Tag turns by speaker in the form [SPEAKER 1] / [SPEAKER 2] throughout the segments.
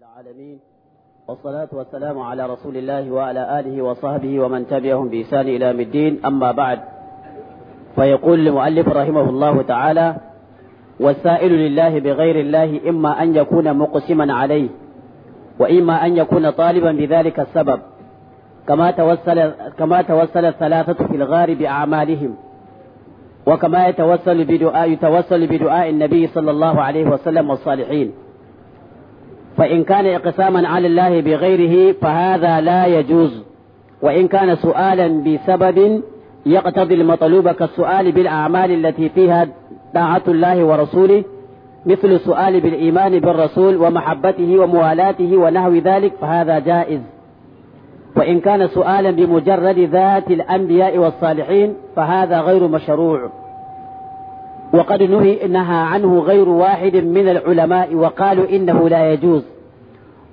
[SPEAKER 1] العالمين
[SPEAKER 2] والصلاة والسلام على رسول الله وعلى آله وصحبه ومن تبعهم بإحسان إلى يوم الدين أما بعد فيقول المؤلف رحمه الله تعالى والسائل لله بغير الله إما أن يكون مقسما عليه وإما أن يكون طالبا بذلك السبب كما توسل كما توسل الثلاثة في الغار بأعمالهم وكما يتوسل بدعاء يتوسل بدعاء النبي صلى الله عليه وسلم والصالحين فإن كان إقساما على الله بغيره فهذا لا يجوز وإن كان سؤالا بسبب يقتضي المطلوب كالسؤال بالأعمال التي فيها طاعة الله ورسوله مثل السؤال بالإيمان بالرسول ومحبته وموالاته ونحو ذلك فهذا جائز وإن كان سؤالا بمجرد ذات الأنبياء والصالحين فهذا غير مشروع وقد نهي نهى عنه غير واحد من العلماء وقالوا إنه لا يجوز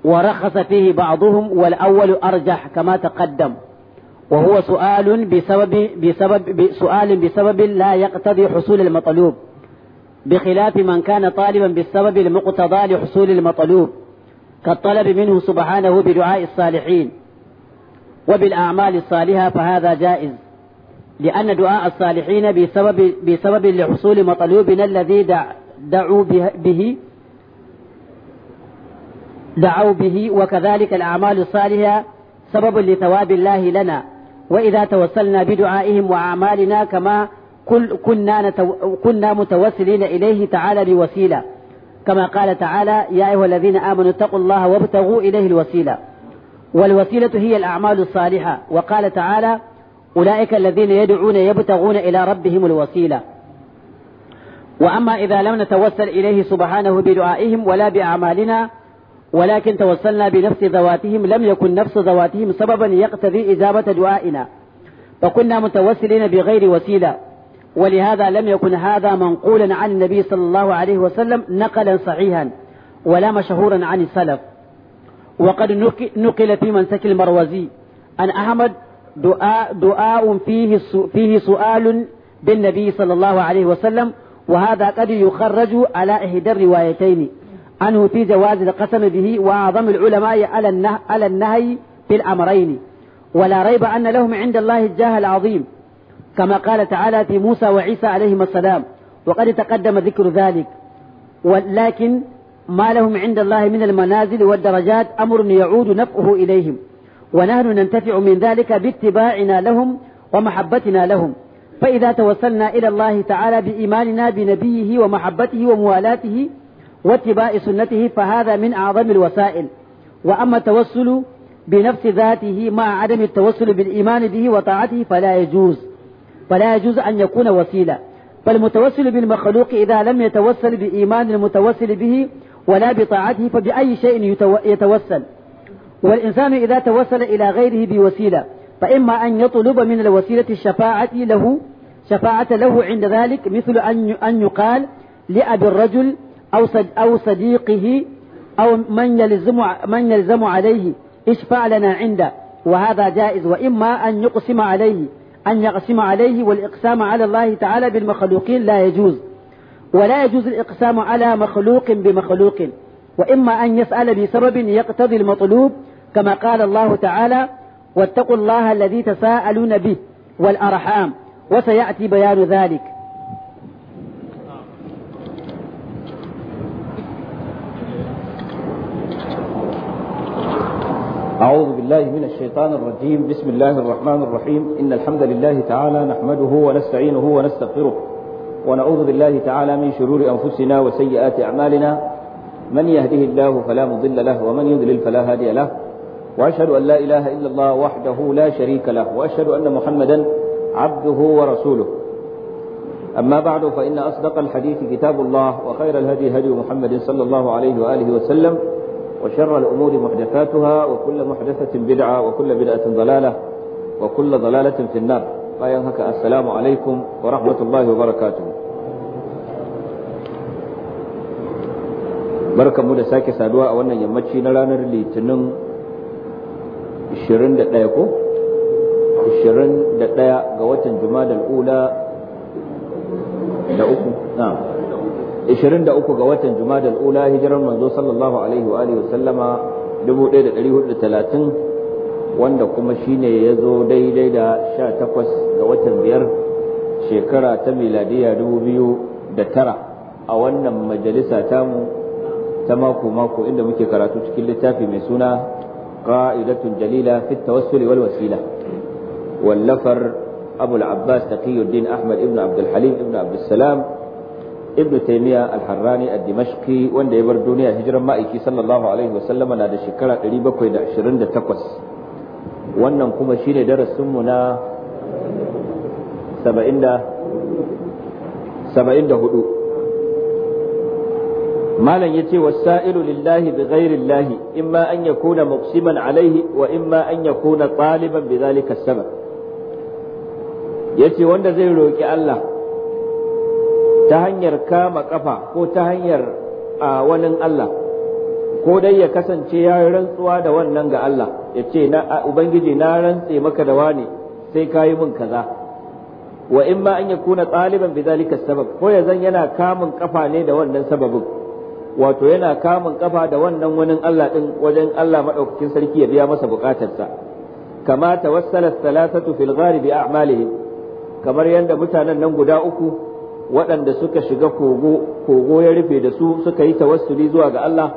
[SPEAKER 2] ورخص فيه بعضهم والأول أرجح كما تقدم وهو سؤال بسبب بسبب سؤال بسبب لا يقتضي حصول المطلوب بخلاف من كان طالبا بالسبب المقتضى لحصول المطلوب كالطلب منه سبحانه بدعاء الصالحين وبالأعمال الصالحة فهذا جائز لأن دعاء الصالحين بسبب, بسبب لحصول مطلوبنا الذي دع دعوا به دعوا به وكذلك الأعمال الصالحة سبب لثواب الله لنا وإذا توسلنا بدعائهم وأعمالنا كما كل كنا, نتو كنا متوسلين إليه تعالى بوسيلة كما قال تعالى يا أيها الذين آمنوا اتقوا الله وابتغوا إليه الوسيلة والوسيلة هي الأعمال الصالحة وقال تعالى أولئك الذين يدعون يبتغون إلى ربهم الوسيلة وأما إذا لم نتوسل إليه سبحانه بدعائهم ولا بأعمالنا ولكن توسلنا بنفس ذواتهم لم يكن نفس ذواتهم سببا يقتضي إجابة دعائنا فكنا متوسلين بغير وسيلة ولهذا لم يكن هذا منقولا عن النبي صلى الله عليه وسلم نقلا صحيحا ولا مشهورا عن السلف وقد نقل في منسك المروزي عن أحمد دعاء دعاء فيه فيه سؤال بالنبي صلى الله عليه وسلم وهذا قد يخرج على إحدى الروايتين عنه في جواز القسم به وأعظم العلماء على على النهي في الأمرين ولا ريب أن لهم عند الله الجاه العظيم كما قال تعالى في موسى وعيسى عليهما السلام وقد تقدم ذكر ذلك ولكن ما لهم عند الله من المنازل والدرجات أمر يعود نفعه إليهم ونحن ننتفع من ذلك باتباعنا لهم ومحبتنا لهم فإذا توسلنا إلى الله تعالى بإيماننا بنبيه ومحبته وموالاته واتباع سنته فهذا من أعظم الوسائل وأما التوسل بنفس ذاته مع عدم التوسل بالإيمان به وطاعته فلا يجوز فلا يجوز أن يكون وسيلة فالمتوسل بالمخلوق إذا لم يتوسل بإيمان المتوسل به ولا بطاعته فبأي شيء يتوسل والإنسان إذا توسل إلى غيره بوسيلة فإما أن يطلب من الوسيلة الشفاعة له شفاعة له عند ذلك مثل أن يقال لأبي الرجل أو أو صديقه أو من يلزم من يلزم عليه اشفع لنا عنده وهذا جائز وإما أن يقسم عليه أن يقسم عليه والإقسام على الله تعالى بالمخلوقين لا يجوز ولا يجوز الإقسام على مخلوق بمخلوق وإما أن يسأل بسبب يقتضي المطلوب كما قال الله تعالى واتقوا الله الذي تساءلون به والأرحام وسيأتي بيان ذلك
[SPEAKER 3] أعوذ بالله من الشيطان الرجيم بسم الله الرحمن الرحيم إن الحمد لله تعالى نحمده ونستعينه ونستغفره ونعوذ بالله تعالى من شرور أنفسنا وسيئات أعمالنا من يهده الله فلا مضل له ومن يضلل فلا هادي له وأشهد أن لا إله إلا الله وحده لا شريك له وأشهد أن محمدا عبده ورسوله أما بعد فإن أصدق الحديث كتاب الله وخير الهدي هدي محمد صلى الله عليه وآله وسلم وشر الأمور محدثاتها وكل محدثة بدعة وكل بدعة ضلالة وكل ضلالة في النار فينهك السلام عليكم ورحمة الله وبركاته saduwa a wannan yammaci na ranar litinin 21 ko 21 ga watan jumadal ula da uku na'am 23 ga watan jumadal ula hijirar manzo sallallahu alaihi wa alihi wasallama 1430 wanda kuma shine ya zo daidai da 18 ga watan biyar shekara ta miladiya 2009 a wannan majalisa tamu ta mako-mako inda muke karatu cikin littafi mai suna qa'idatun jalila fi tawassul wal wasila wallafar abu al-abbas taqiyuddin ahmad ibn abd al-halim ibn abd salam ibn taymiya al-harrani dimashqi wanda ya bar duniya hijiran ma'aiki sallallahu alaihi wasallam na da shekara 728 wannan kuma shine darasin mu na 74 malam yace wasailu lillahi bi ghairi llahi imma an yakuna muqsiman alaihi wa imma an yakuna taliban bi zalika sabab yace wanda zai roki Allah ta hanyar kama kafa ko ta hanyar a wani Allah ko dai ya kasance ya rantsuwa da wannan ga Allah yace na ubangiji na rantse maka da wani sai kayi min kaza wa imma an yakuna taliban bi zalika sabab ko ya zan yana kamun kafa ne da wannan sababin wato yana kamun kafa da wannan wani Allah din wajen Allah madaukakin sarki ya biya masa bukatarsa kama tawassala thalathatu fil gharibi a'malihim kamar yadda mutanen nan guda uku waɗanda suka shiga kogo kogo ya rufe da su suka yi tawassuli zuwa ga Allah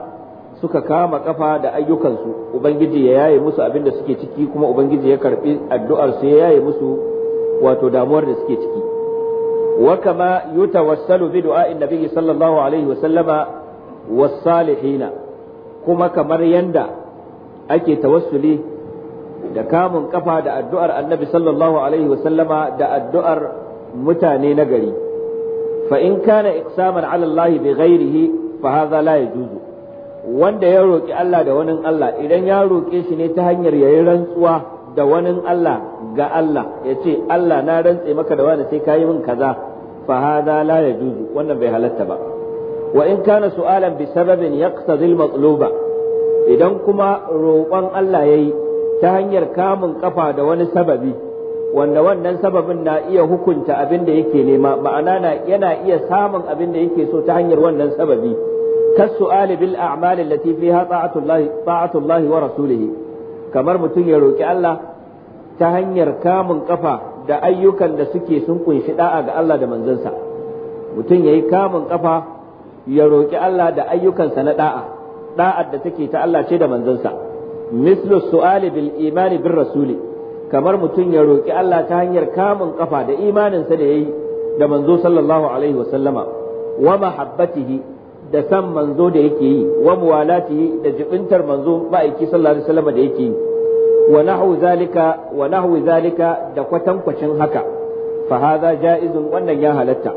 [SPEAKER 3] suka kama kafa da ayyukansu ubangiji ya yaye musu abin da suke ciki kuma ubangiji ya karbi addu'ar su ya yaye musu wato damuwar da suke ciki wa kama yutawassalu bi du'a'in nabiyyi sallallahu alaihi wa sallama wasalihina kuma kamar yanda ake tawassuli da kamun ƙafa da addu'ar annabi sallallahu alaihi wasallama da addu'ar mutane na gari fa in kana iqsaman ala Allah bi ghairihi fa hadha la yajuzu wanda ya roƙi Allah da wani Allah idan ya roke shi ne ta hanyar yayin rantsuwa da wani Allah ga Allah ya ce Allah na rantse maka da wani sai ka yi min kaza fa hada la yajuzu wannan bai halarta ba wa in kana su'alan bi sababin yaqtadil matluba idan kuma roƙon Allah yayi ta hanyar kamun kafa da wani sababi wanda wannan sababin na iya hukunta abin da yake nema ma'ana na yana iya samun abin da yake so ta hanyar wannan sababi kas su'ali bil a'mal allati fiha ta'atullahi ta'atullahi wa rasulih kamar mutum ya roki Allah ta hanyar kamun kafa da ayyukan da suke sun ƙunshi da'a ga Allah da manzansa mutum yayi kamun kafa ya roƙi Allah da ayyukansa na ɗa'a ɗa'ar da take ta Allah ce da manzansa mislu su'ali bil imani bir rasuli kamar mutum ya roƙi Allah ta hanyar kamun kafa da imaninsa da yayi da manzo sallallahu alaihi wa sallama wa mahabbatihi da san manzo da yake yi wa muwalatihi da jibintar manzo ma'aiki sallallahu alaihi da yake yi wa nahwu zalika wa nahwu zalika da kwatankwacin haka fa hadha jaizun wannan ya halatta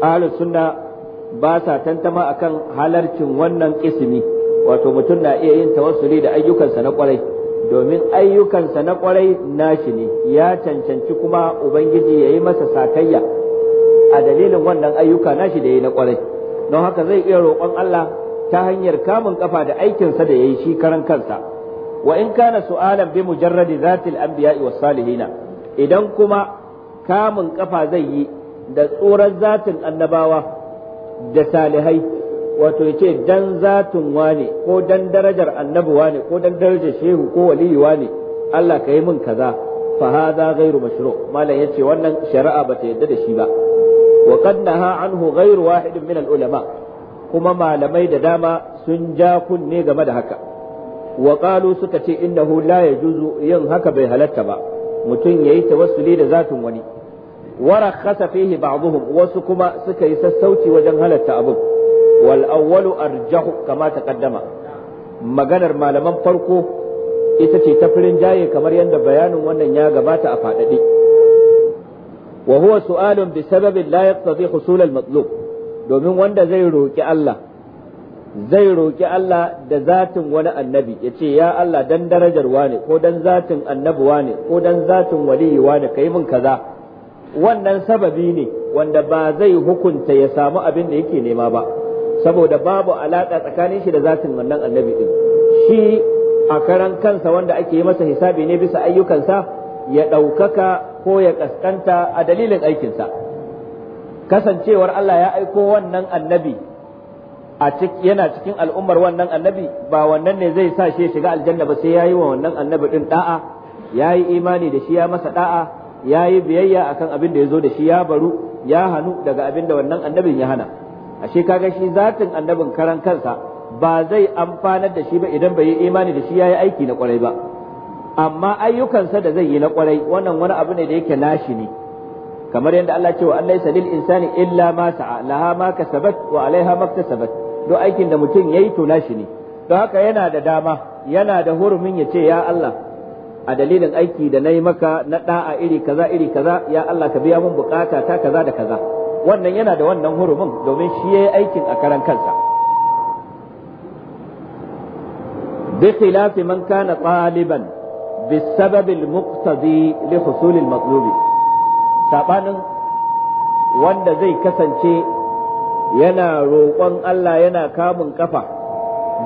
[SPEAKER 3] ahlus sunna ba sa tantama akan halarcin wannan ismi wato mutum na iya yin tawassuli da ayyukansa na kwarai domin ayyukansa na kwarai nashi ne ya cancanci kuma ubangiji ya yi masa satayya a dalilin wannan ayyuka nashi da ya na kwarai don haka zai iya roƙon Allah ta hanyar kamun kafa da aikinsa da ya yi shi karan kansa wa in kana su'alan bi mujarradi zatil anbiya'i was salihina idan kuma kamun kafa zai yi da tsoron zatin annabawa da salihai wato ya ce dan zatun wane ko dan darajar annabi wane ko dan darajar shehu ko waliyu wane Allah ka yi min kaza fa hadha ghairu mashru malam yace wannan shari'a bata yadda da shi ba wa qad naha anhu ghairu wahidin min al ulama kuma malamai da dama sun ja kunne game da haka wa qalu suka ce innahu la yajuzu yin haka bai halatta ba mutum yayi tawassuli da zatun wani warakhasa fihi ba'dhum wasu kuma suka yi sassauci wajen halarta abin wal awwalu arjahu kama taqaddama maganar malaman farko ita ce ta firin jaye kamar yadda bayanin wannan ya gabata a faɗaɗe wa huwa su'alun bi sababin la yaqtadi husul al domin wanda zai roki Allah zai roki Allah da zatin wani annabi ya ce ya Allah dan darajar wane ko dan zatin annabi wane ko dan zatin waliyi wane kai min kaza wannan sababi ne wanda ba zai hukunta ya samu abin da yake nema ba saboda babu alaƙa tsakanin shi da zatin wannan annabi din shi a karan kansa wanda ake yi masa hisabi ne bisa ayyukansa ya ɗaukaka ko ya ƙasƙanta a dalilin aikinsa kasancewar Allah ya aiko wannan annabi a yana cikin al'ummar wannan annabi ba wannan ne zai sa shi shiga aljanna ba sai ya yi wa wannan annabi ɗin ɗa'a? ya yi imani da shi ya masa ɗa'a? ya yi biyayya kan abin da ya zo da shi ya baru ya hannu daga abin da wannan annabin ya hana ashe kaga shi zatin annabin karan kansa ba zai amfanar da shi ba idan bai yi imani da shi ya yi aiki na kwarai ba amma ayyukansa da zai yi na kwarai wannan wani abu ne da yake nashi ne kamar yadda Allah ce wa Allah lil insani illa ma sa'a laha ma kasabat wa alaiha maktasabat duk aikin da mutum yayi to nashi ne don haka yana da dama yana da hurumin ya ce ya Allah a dalilin aiki da na yi maka na da'a iri kaza iri kaza ya Allah ka biya mun bukata ta kaza da kaza wannan yana da wannan hurumin domin shi yi aikin a karan kansa bi khilafi man kana taliban بالسبب المقتضي لحصول المطلوب sabanin wanda zai kasance yana roƙon Allah yana kamun ƙafa.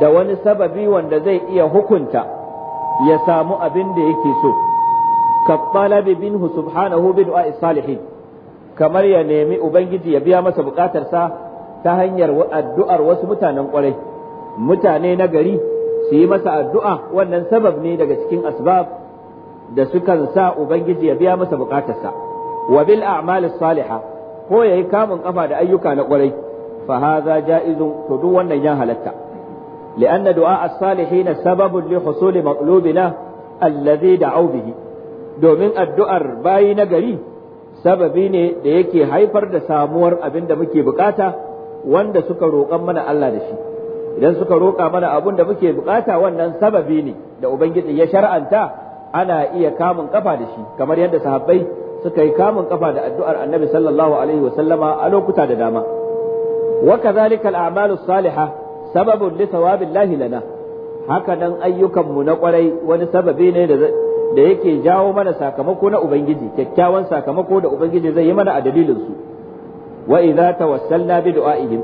[SPEAKER 3] da wani sababi wanda zai iya hukunta ya samu abin da yake so ka talabi minhu subhanahu bi du'a salihin kamar ya nemi ubangiji ya biya masa bukatarsa ta hanyar addu'ar wasu mutanen kwarai mutane na gari su yi masa addu'a wannan sabab ne daga cikin asbab da sukan sa ubangiji ya biya masa bukatarsa wa bil a'mal salihah ko yayi kamun kafa da ayyuka na kwarai fa hadha ja'izun to duk wannan ya halatta لأن دعاء الصالحين سبب لحصول مطلوبنا الذي da به domin addu'ar bayi nagari. sababi ne da yake haifar da samuwar abin da muke bukata wanda suka roƙan mana Allah da shi idan suka roƙa mana abun da muke bukata wannan sababi ne da ubangiji ya shar'anta ana iya kamun ƙafa da shi kamar yadda sahabbai suka yi kamun ƙafa da addu'ar annabi sallallahu a lokuta da dama wa amalu salihah sababun li sawabillahi lana haka nan ayyukanmu na kwarai wani sababi ne da yake jawo mana sakamako na ubangiji kyakkyawan sakamako da ubangiji zai yi mana a dalilin su wa idza tawassalna bi du'aihim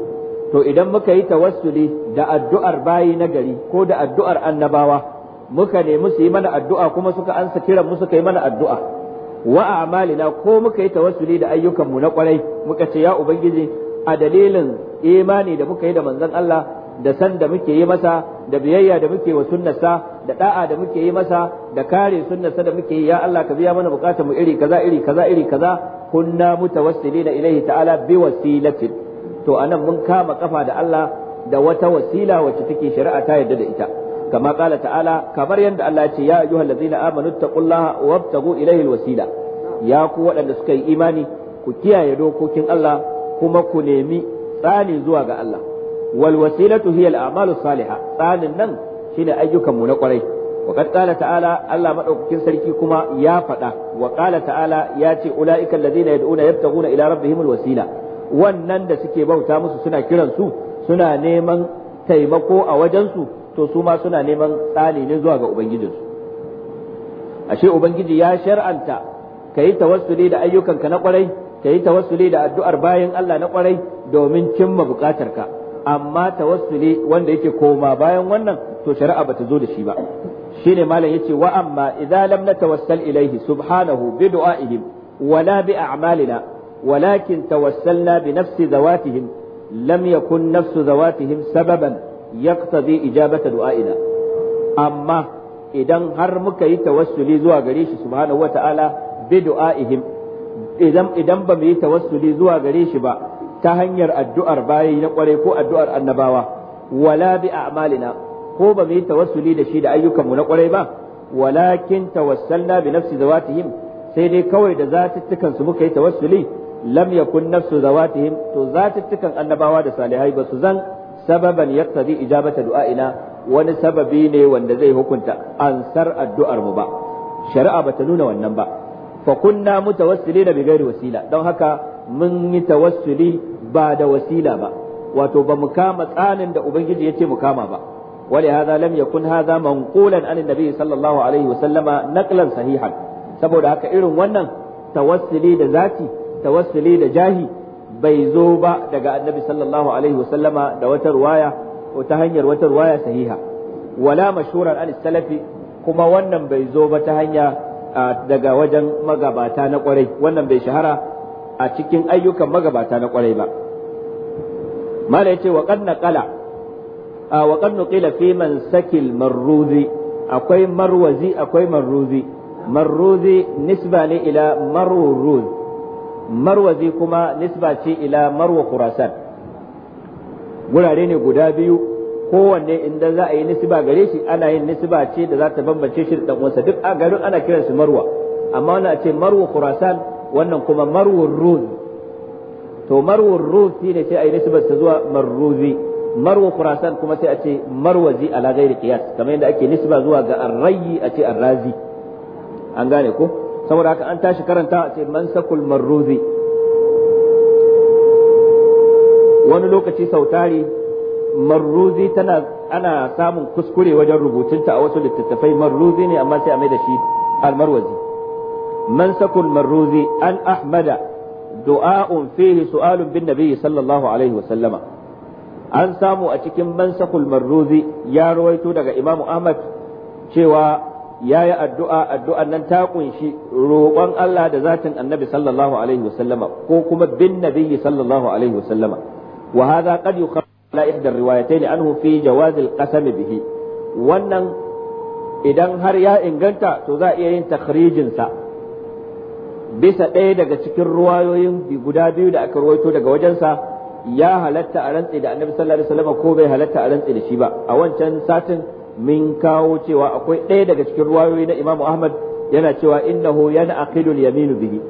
[SPEAKER 3] to idan muka yi tawassuli da addu'ar bayi na gari ko da addu'ar annabawa muka nemi su yi mana addu'a kuma suka ansa kiran mu suka yi mana addu'a wa a'malina ko muka yi tawassuli da ayyukanmu na kwarai muka ce ya ubangiji a dalilin imani da muka yi da manzon Allah da san da muke yi masa da biyayya da muke wa sunnarsa da da'a da muke yi masa da kare sunnarsa da muke yi ya Allah ka biya mana bukatar mu iri kaza iri kaza iri kaza kunna mutawassilina ilaihi ta'ala bi wasilatin to anan mun kama kafa da Allah da wata wasila wacce take shari'a ta yarda da ita kama kala ta'ala kamar yadda Allah ya ce ya ayyuhallazina amanu taqullaha wabtagu ilaihi alwasila ya ku waɗanda suka yi imani ku kiyaye dokokin Allah kuma ku nemi tsani zuwa ga Allah wal wasilatu hiya al a'malu salihah tsanin nan shine ayyukan mu na kwarai wa kad qala ta'ala Allah madaukakin sarki kuma ya faɗa wa qala ta'ala ya ce ulaika alladhina yad'una yabtaguna ila rabbihim al wasila wannan da suke bauta musu suna kiran su suna neman taimako a wajen su to su ma suna neman tsani ne zuwa ga ubangijinsu ashe ubangiji ya shar'anta ka yi tawassuli da ayyukanka na kwarai ka yi tawassuli da addu'ar bayan Allah na kwarai domin cimma bukatarka amma tawassuli wanda yake koma bayan wannan to shari'a bata zo da shi ba shine malam yace wa amma idza lam natawassal ilayhi subhanahu bi du'a'ihim wala bi a'malina walakin tawassalna bi nafsi zawatihim lam yakun nafsu zawatihim sababan yaqtadi ijabata du'a'ina amma idan har muka yi tawassuli zuwa gare shi subhanahu wata'ala bi du'a'ihim idan idan ba mu yi tawassuli zuwa gare shi ba ta hanyar addu'ar bayi na kwarai ko addu'ar annabawa wala bi a'malina ko ba mu yi tawassuli da shi da ayyukanmu na kwarai ba walakin tawassalna bi nafsi zawatihim sai dai kawai da zatuttukan muka yi tawassuli lam yakun nafsu zawatihim to zatuttukan annabawa da salihai ba su zan sababan yaqtadi ijabata du'aina wani sababi ne wanda zai hukunta ansar addu'ar mu ba shari'a bata nuna wannan ba fa kunna mutawassilina bi ghairi wasila don haka mun yi tawassuli ba da wasila ba wato ba mu kama tsanin da ubangiji yace mu kama ba wali hadha lam yakun hadha manqulan an annabi sallallahu alaihi wasallama naqlan sahihan saboda haka irin wannan tawassuli da zati tawassuli da jahi bai zo ba daga annabi sallallahu alaihi wasallama da wata ko ta hanyar wata ruwaya sahiha wala mashhuran an salafi kuma wannan bai zo ba ta hanya daga wajen magabata na kwarai wannan bai shahara a cikin ayyukan magabata na kwarai ba mala yace wa qad a wa qad nuqila fi man sakil marruzi akwai marwazi akwai marruzi marruzi nisba ne ila marruz marwazi kuma nisba ce ila marwa kurasan gurare ne guda biyu kowanne inda za a yi nisba gare shi ana yin nisba ce da za ta bambance shi da dan duk a garin ana kiransu marwa amma wannan a ce marwa kurasan wannan kuma Marwar ruz to Marwar ruz ne sai a yi nisbar ta zuwa marruzi marwa Kurasan kuma sai a ce marwazi ala ghairi kiyas, kamar yadda ake nisba zuwa ga arrayi a ce arrazi an gane ko saboda haka an tashi karanta a ce mansakul marruzi wani lokaci sau sautari marruzi tana ana samun kuskure wajen rubutunta a wasu littattafai marruzi ne amma sai a mai da shi Al-Marwazi. منسك المروزي أن أحمد دعاء فيه سؤال بالنبي صلى الله عليه وسلم أن سامو أتكم منسك المروزي يا رويتو دقى إمام أحمد شوى ya yi addu'a addu'an nan ta kunshi roƙon Allah da zatin annabi sallallahu alaihi wasallama ko kuma bin nabiyyi sallallahu alaihi wasallama wa hadha qad yukhalla ihda riwayatayn anhu fi jawaz al-qasam bihi wannan idan har ya inganta to za a iya yin takrijinsa. bisa ɗaya daga cikin ruwayoyin guda biyu da aka ruwaito daga wajensa ya halatta a rantsi da annabi sallallahu alaihi wasallam ko bai halatta a rantsi da shi ba a wancan satin min kawo cewa akwai ɗaya daga cikin ruwayoyi na imamu ahmad yana cewa innahu yana aqidul yaminu bihi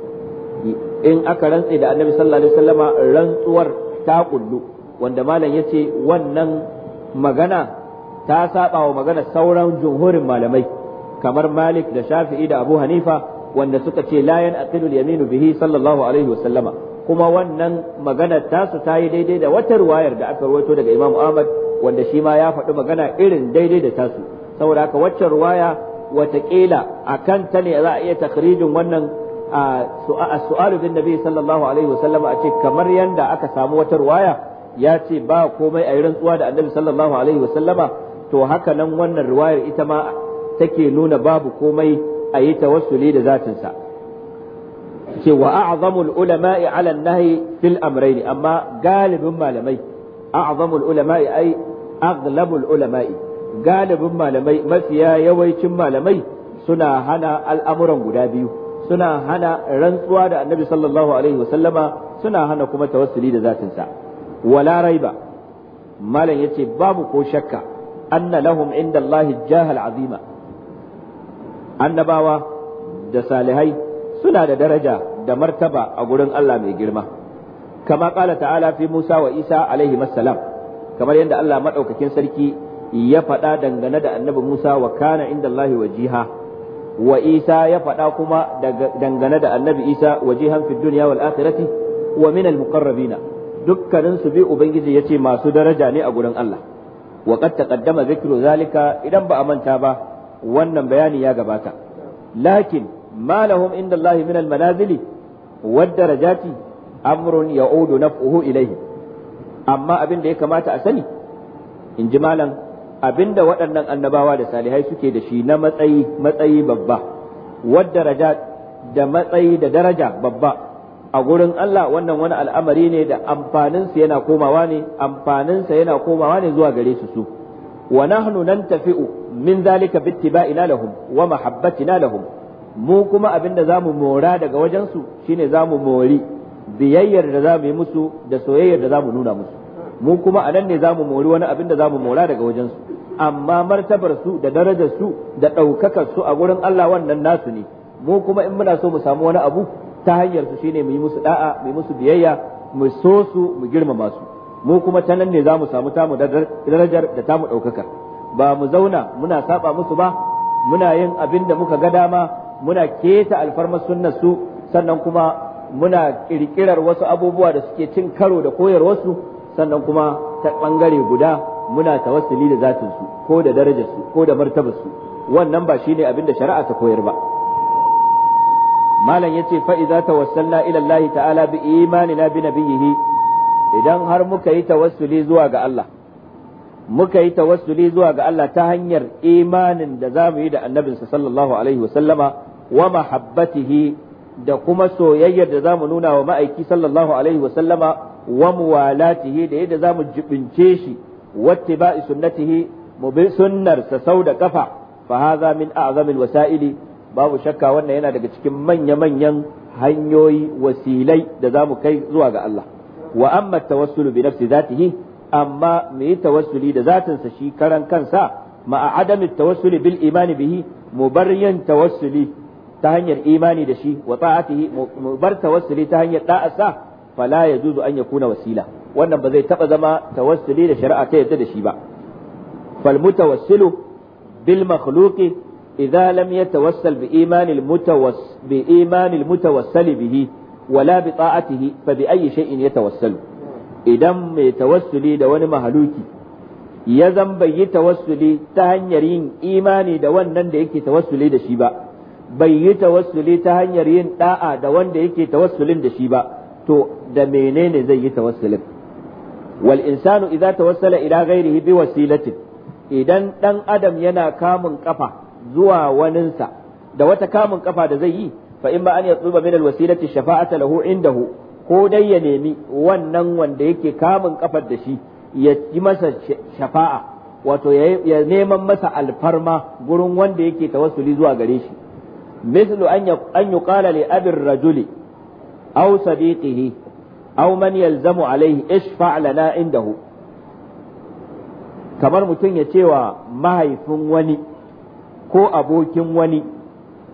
[SPEAKER 3] in aka rantsi da annabi sallallahu alaihi wasallam rantsuwar ta kullu wanda malam yace wannan magana ta saba wa magana sauran jumhurin malamai kamar malik da shafi'i da abu hanifa wanda suka ce layan yan aqilul yaminu bihi sallallahu alaihi wasallama kuma wannan magana tasu ta yi daidai da wata ruwayar da aka rawaito daga Imam Ahmad wanda shi ma ya faɗi magana irin daidai da tasu saboda haka waccan ruwaya a kan ta ne za a iya takhrijin wannan a su'alu bin nabi sallallahu alaihi wasallama a ce kamar yanda aka samu wata ruwaya ya ce ba komai a yi rantsuwa da annabi sallallahu alaihi wasallama to haka nan wannan ruwayar ita ma take nuna babu komai a yi tawassuli da zatinsa ce wa a'zamul ulama'i ala nahi fil amrayn amma galibin malamai a'zamul ulama'i ai aghlabul ulama'i galibin malamai mafiya yawancin malamai suna hana al'amuran guda biyu suna hana rantsuwa da annabi sallallahu alaihi wasallama suna hana kuma tawassuli da zatinsa wala raiba malam yace babu ko shakka anna lahum inda Allah jahal azima annabawa da salihai suna da daraja da martaba a gurin Allah mai girma kama kala ta'ala fi Musa wa Isa alaihi salam kamar yadda Allah maɗaukakin sarki ya faɗa dangane da annabi Musa wa kana inda wajiha wa Isa ya faɗa kuma dangane da annabi Isa wajihan fi duniya wal akhirati wa min al muqarrabina dukkanin su bi ubangiji yace masu daraja ne a gurin Allah wa qad taqaddama zikru zalika idan ba a manta ba wannan bayani ya gabata lakin malahum inda Allah min almanazili wad darajati amrun ya'udu naf'uhu ilayhi amma abin da ya kamata a sani in ji malam abinda waɗannan annabawa da salihai suke da shi na matsayi matsayi babba wad da matsayi da daraja babba a gurin Allah wannan wani al'amari ne da amfaninsa yana komawa ne amfaninsa yana komawa ne zuwa gare su su wa nahnu nantafi'u min zalika bittiba'ina lahum wa mahabbatina lahum mu kuma abinda zamu mora daga wajen su shine zamu mori biyayyar da zamu yi musu da soyayyar da zamu nuna musu mu kuma anan ne zamu mori wani abinda zamu mora daga wajen amma martabar su da darajar su da ɗaukakar su a gurin Allah wannan nasu ne mu kuma in muna so mu samu wani abu ta hanyar su shine mu yi musu da'a mu yi musu biyayya mu so su mu girmama su mu kuma ta nan ne za mu samu tamu darajar da tamu ɗaukakar ba mu zauna muna saba musu ba muna yin abin da muka ga dama muna keta alfarmar sunnar su sannan kuma muna ƙirƙirar wasu abubuwa da suke cin karo da koyarwarsu sannan kuma ta ɓangare guda muna tawassuli da su ko da darajarsu ko da martabarsu wannan ba shine abin da shari'a ta koyar ba malam yace fa idza tawassalna ila Allah ta'ala bi imanina bi nabiyhi idan har muka yi tawassuli zuwa ga Allah muka yi tawassuli zuwa ga Allah ta hanyar imanin da za mu yi da annabinsa sallallahu alaihi wasallama wa mahabbatihi da kuma soyayyar da za mu nuna wa ma'aiki sallallahu alaihi wasallama wa muwalatihi da yadda za mu jibince shi wattiba'i sunnatihi mu bi sunnarsa sau da kafa fa hadha min a'zamil wasa'ili babu shakka wannan yana daga cikin manya-manyan hanyoyi wasilai da za mu kai zuwa ga Allah wa amma tawassulu bi nafsi yi amma mu yi tawassuli da zatinsa shi karan kansa ma'a adami tawassuli bil imani bihi mu bar yin tawassuli ta hanyar imani da shi wa ta'atihi mu bar tawassuli ta hanyar da'asa fala yajuzu an ya kuna wasila wannan ba zai taɓa zama tawassuli da shari'a ta yadda da shi ba fal mutawassilu bil makhluqi idza lam yatawassal bi imani al mutawass bi imani al bihi wala bi ta'atihi fa bi ayyi shay'in yatawassalu idan mai tawassuli da wani mahaluki ya zan bai yi tawassuli ta hanyar yin imani da wannan da yake tawassuli da shi ba bai yi tawassuli ta hanyar yin ɗa'a da wanda yake tawassulin da shi ba to da menene zai yi wal insanu idza tawassala ila ghairihi bi wasilatin idan dan adam yana kamun kafa zuwa waninsa da wata kamun kafa da zai yi fa imma an yatsuba min alwasilati shafa'ata lahu indahu ko dai ya nemi wannan wanda yake kamun kafar da shi ya yi masa shafa'a wato ya neman masa alfarma gurin wanda yake tawassuli zuwa gare shi mislu an yuqala li abin rajuli aw sadiqihi aw man yalzamu alaihi ishfa' lana indahu kamar mutum ya cewa mahaifin wani ko abokin wani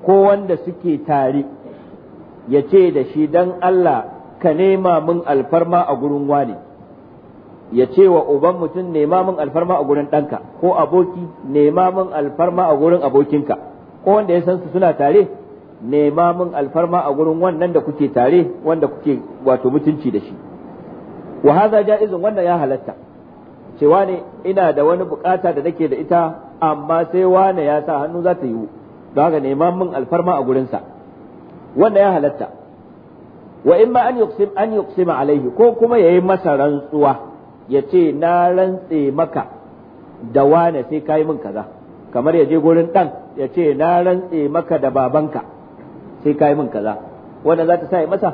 [SPEAKER 3] ko wanda suke tare ya ce da shi dan Allah ka nema min alfarma a gurin wane ya ce wa uban mutum nema min alfarma a gurin ɗanka ko aboki nema min alfarma a gurin abokinka ko wanda ya san su suna tare nema min alfarma a gurin wannan da kuke tare wanda kuke wato mutunci da shi wa hadha ja'izun wannan ya halatta cewa ne ina da wani bukata da nake da ita amma sai wane ya sa hannu za ta yiwu don haka neman mun alfarma a gurinsa wanda ya halatta wa in ma an yuqsim an yuqsima alaihi ko kuma yayi masa rantsuwa ya ce na rantse maka da wane sai kai min kaza kamar ya je gurin dan ya ce na rantse maka da babanka sai kai min kaza wanda za ta ya masa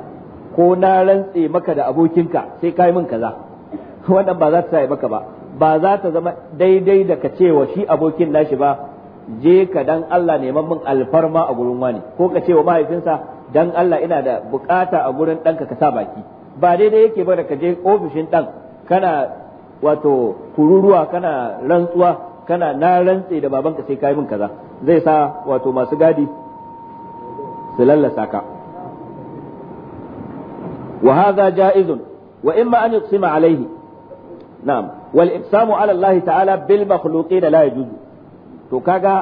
[SPEAKER 3] ko na rantse maka da abokinka sai kai min kaza wannan ba za ta sa maka ba ba za ta zama daidai da ka cewa shi abokin nashi ba je ka dan Allah neman min alfarma a gurin wani ko ka ce wa mahaifinsa dan Allah ina da bukata a gurin ɗanka ka sa baki ba daidai yake ba da ka je ofishin ɗan kana wato kururuwa kana rantsuwa kana na rantse da babanka sai kai min kaza zai sa wato masu gadi su lallasa ka wa hadha ja'izun wa imma an yuqsima alayhi na'am wal iqsamu ala Allah ta'ala bil makhluqin la yajuzu to kaga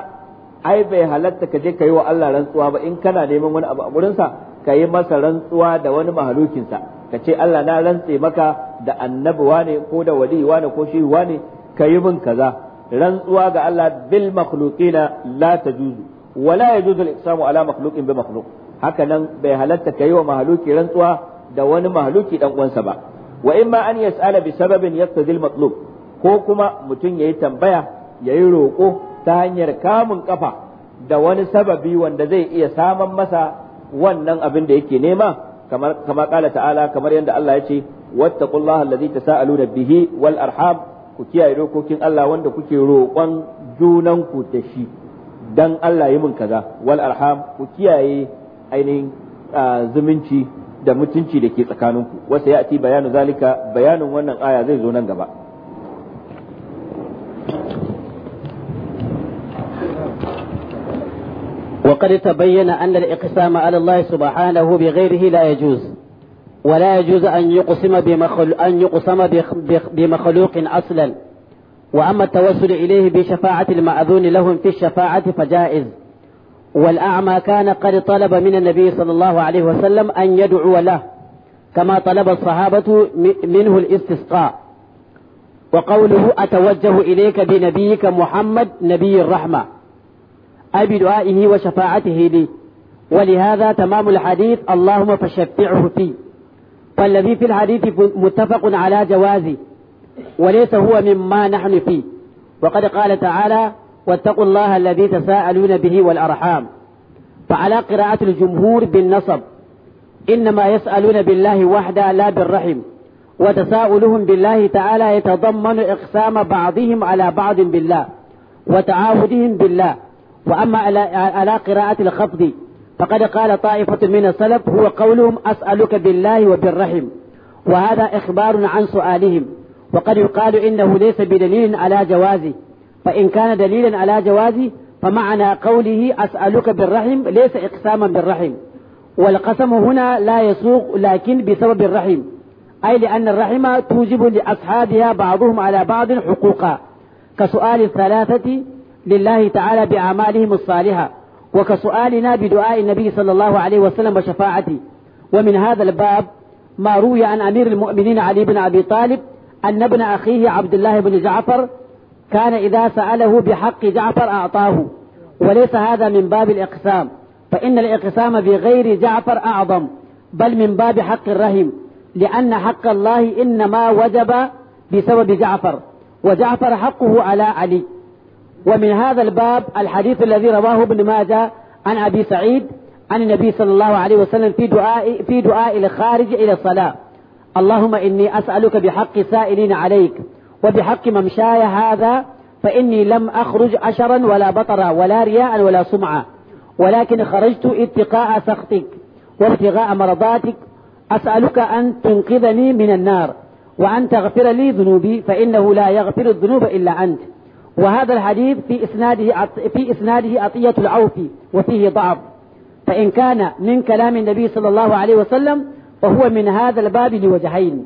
[SPEAKER 3] ai bai halatta ka je ka yi wa Allah rantsuwa ba in kana neman wani abu a gurinsa ka yi masa rantsuwa da wani mahalukinsa ka ce Allah na rantse maka da annabuwa ne ko da waliwa ne ko shi ne ka yi min kaza rantsuwa ga Allah bil makhluqina la tajuzu wala yajuzu al-iqsamu ala makhluqin bi makhluq haka nan bai halatta ka yi wa mahaluki rantsuwa da wani mahaluki dan uwansa ba wa in ma an yas'ala bi sababin yaqtadi al-matlub ko kuma mutum yayi tambaya yayi roko ta hanyar kamun kafa da wani sababi wanda zai iya saman masa wannan abin da yake nema kamar kama kala ta'ala kamar yadda Allah ya ce wattaqullaha allazi tasaaluna bihi wal arham ku kiyaye dokokin Allah wanda kuke roƙon junanku da shi dan Allah yi mun kaza wal arham ku kiyaye ainihin zumunci da mutunci da ke tsakaninku wasa ya'ti bayanu zalika bayanin wannan aya zai zo
[SPEAKER 2] nan gaba وقد تبين أن الإقسام على الله سبحانه بغيره لا يجوز ولا يجوز أن يقسم بمخلوق, أن يقسم بمخلوق أصلا وأما التوسل إليه بشفاعة المأذون لهم في الشفاعة فجائز والأعمى كان قد طلب من النبي صلى الله عليه وسلم أن يدعو له كما طلب الصحابة منه الاستسقاء وقوله أتوجه إليك بنبيك محمد نبي الرحمة أي بدعائه وشفاعته لي ولهذا تمام الحديث اللهم فشفعه في فالذي في الحديث متفق على جوازه وليس هو مما نحن فيه وقد قال تعالى واتقوا الله الذي تساءلون به والأرحام فعلى قراءة الجمهور بالنصب إنما يسألون بالله وحده لا بالرحم وتساؤلهم بالله تعالى يتضمن إقسام بعضهم على بعض بالله وتعاهدهم بالله وأما على قراءة الخفض فقد قال طائفة من السلف هو قولهم أسألك بالله وبالرحم وهذا إخبار عن سؤالهم وقد يقال إنه ليس بدليل على جوازه فإن كان دليلا على جوازه فمعنى قوله أسألك بالرحم ليس إقساما بالرحم والقسم هنا لا يسوق لكن بسبب الرحم أي لأن الرحم توجب لأصحابها بعضهم على بعض حقوقا كسؤال الثلاثة لله تعالى بأعمالهم الصالحة وكسؤالنا بدعاء النبي صلى الله عليه وسلم وشفاعته ومن هذا الباب ما روي عن أمير المؤمنين علي بن أبي طالب أن ابن أخيه عبد الله بن جعفر كان إذا سأله بحق جعفر أعطاه وليس هذا من باب الإقسام فإن الإقسام بغير جعفر أعظم بل من باب حق الرحم لأن حق الله إنما وجب بسبب جعفر وجعفر حقه على علي ومن هذا الباب الحديث الذي رواه ابن ماجه عن ابي سعيد عن النبي صلى الله عليه وسلم في دعاء في دعاء الخارج الى الصلاه اللهم اني اسالك بحق سائلين عليك وبحق ممشاي هذا فاني لم اخرج عشرا ولا بطرا ولا رياء ولا سمعه ولكن خرجت اتقاء سخطك وابتغاء مرضاتك اسالك ان تنقذني من النار وان تغفر لي ذنوبي فانه لا يغفر الذنوب الا انت وهذا الحديث في إسناده في إسناده عطية العوفي وفيه ضعف فإن كان من كلام النبي صلى الله عليه وسلم فهو من هذا الباب لوجهين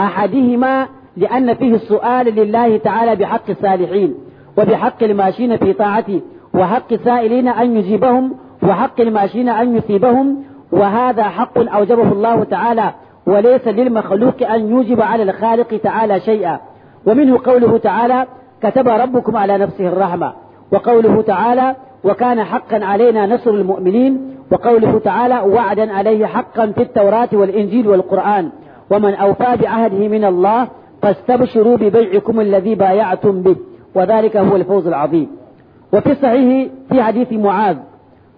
[SPEAKER 2] أحدهما لأن فيه السؤال لله تعالى بحق الصالحين وبحق الماشين في طاعته وحق السائلين أن يجيبهم وحق الماشين أن يصيبهم وهذا حق أوجبه الله تعالى وليس للمخلوق أن يوجب على الخالق تعالى شيئا ومنه قوله تعالى كتب ربكم على نفسه الرحمة وقوله تعالى وكان حقا علينا نصر المؤمنين وقوله تعالى وعدا عليه حقا في التوراة والإنجيل والقرآن ومن أوفى بعهده من الله فاستبشروا ببيعكم الذي بايعتم به وذلك هو الفوز العظيم وفي الصحيح في حديث معاذ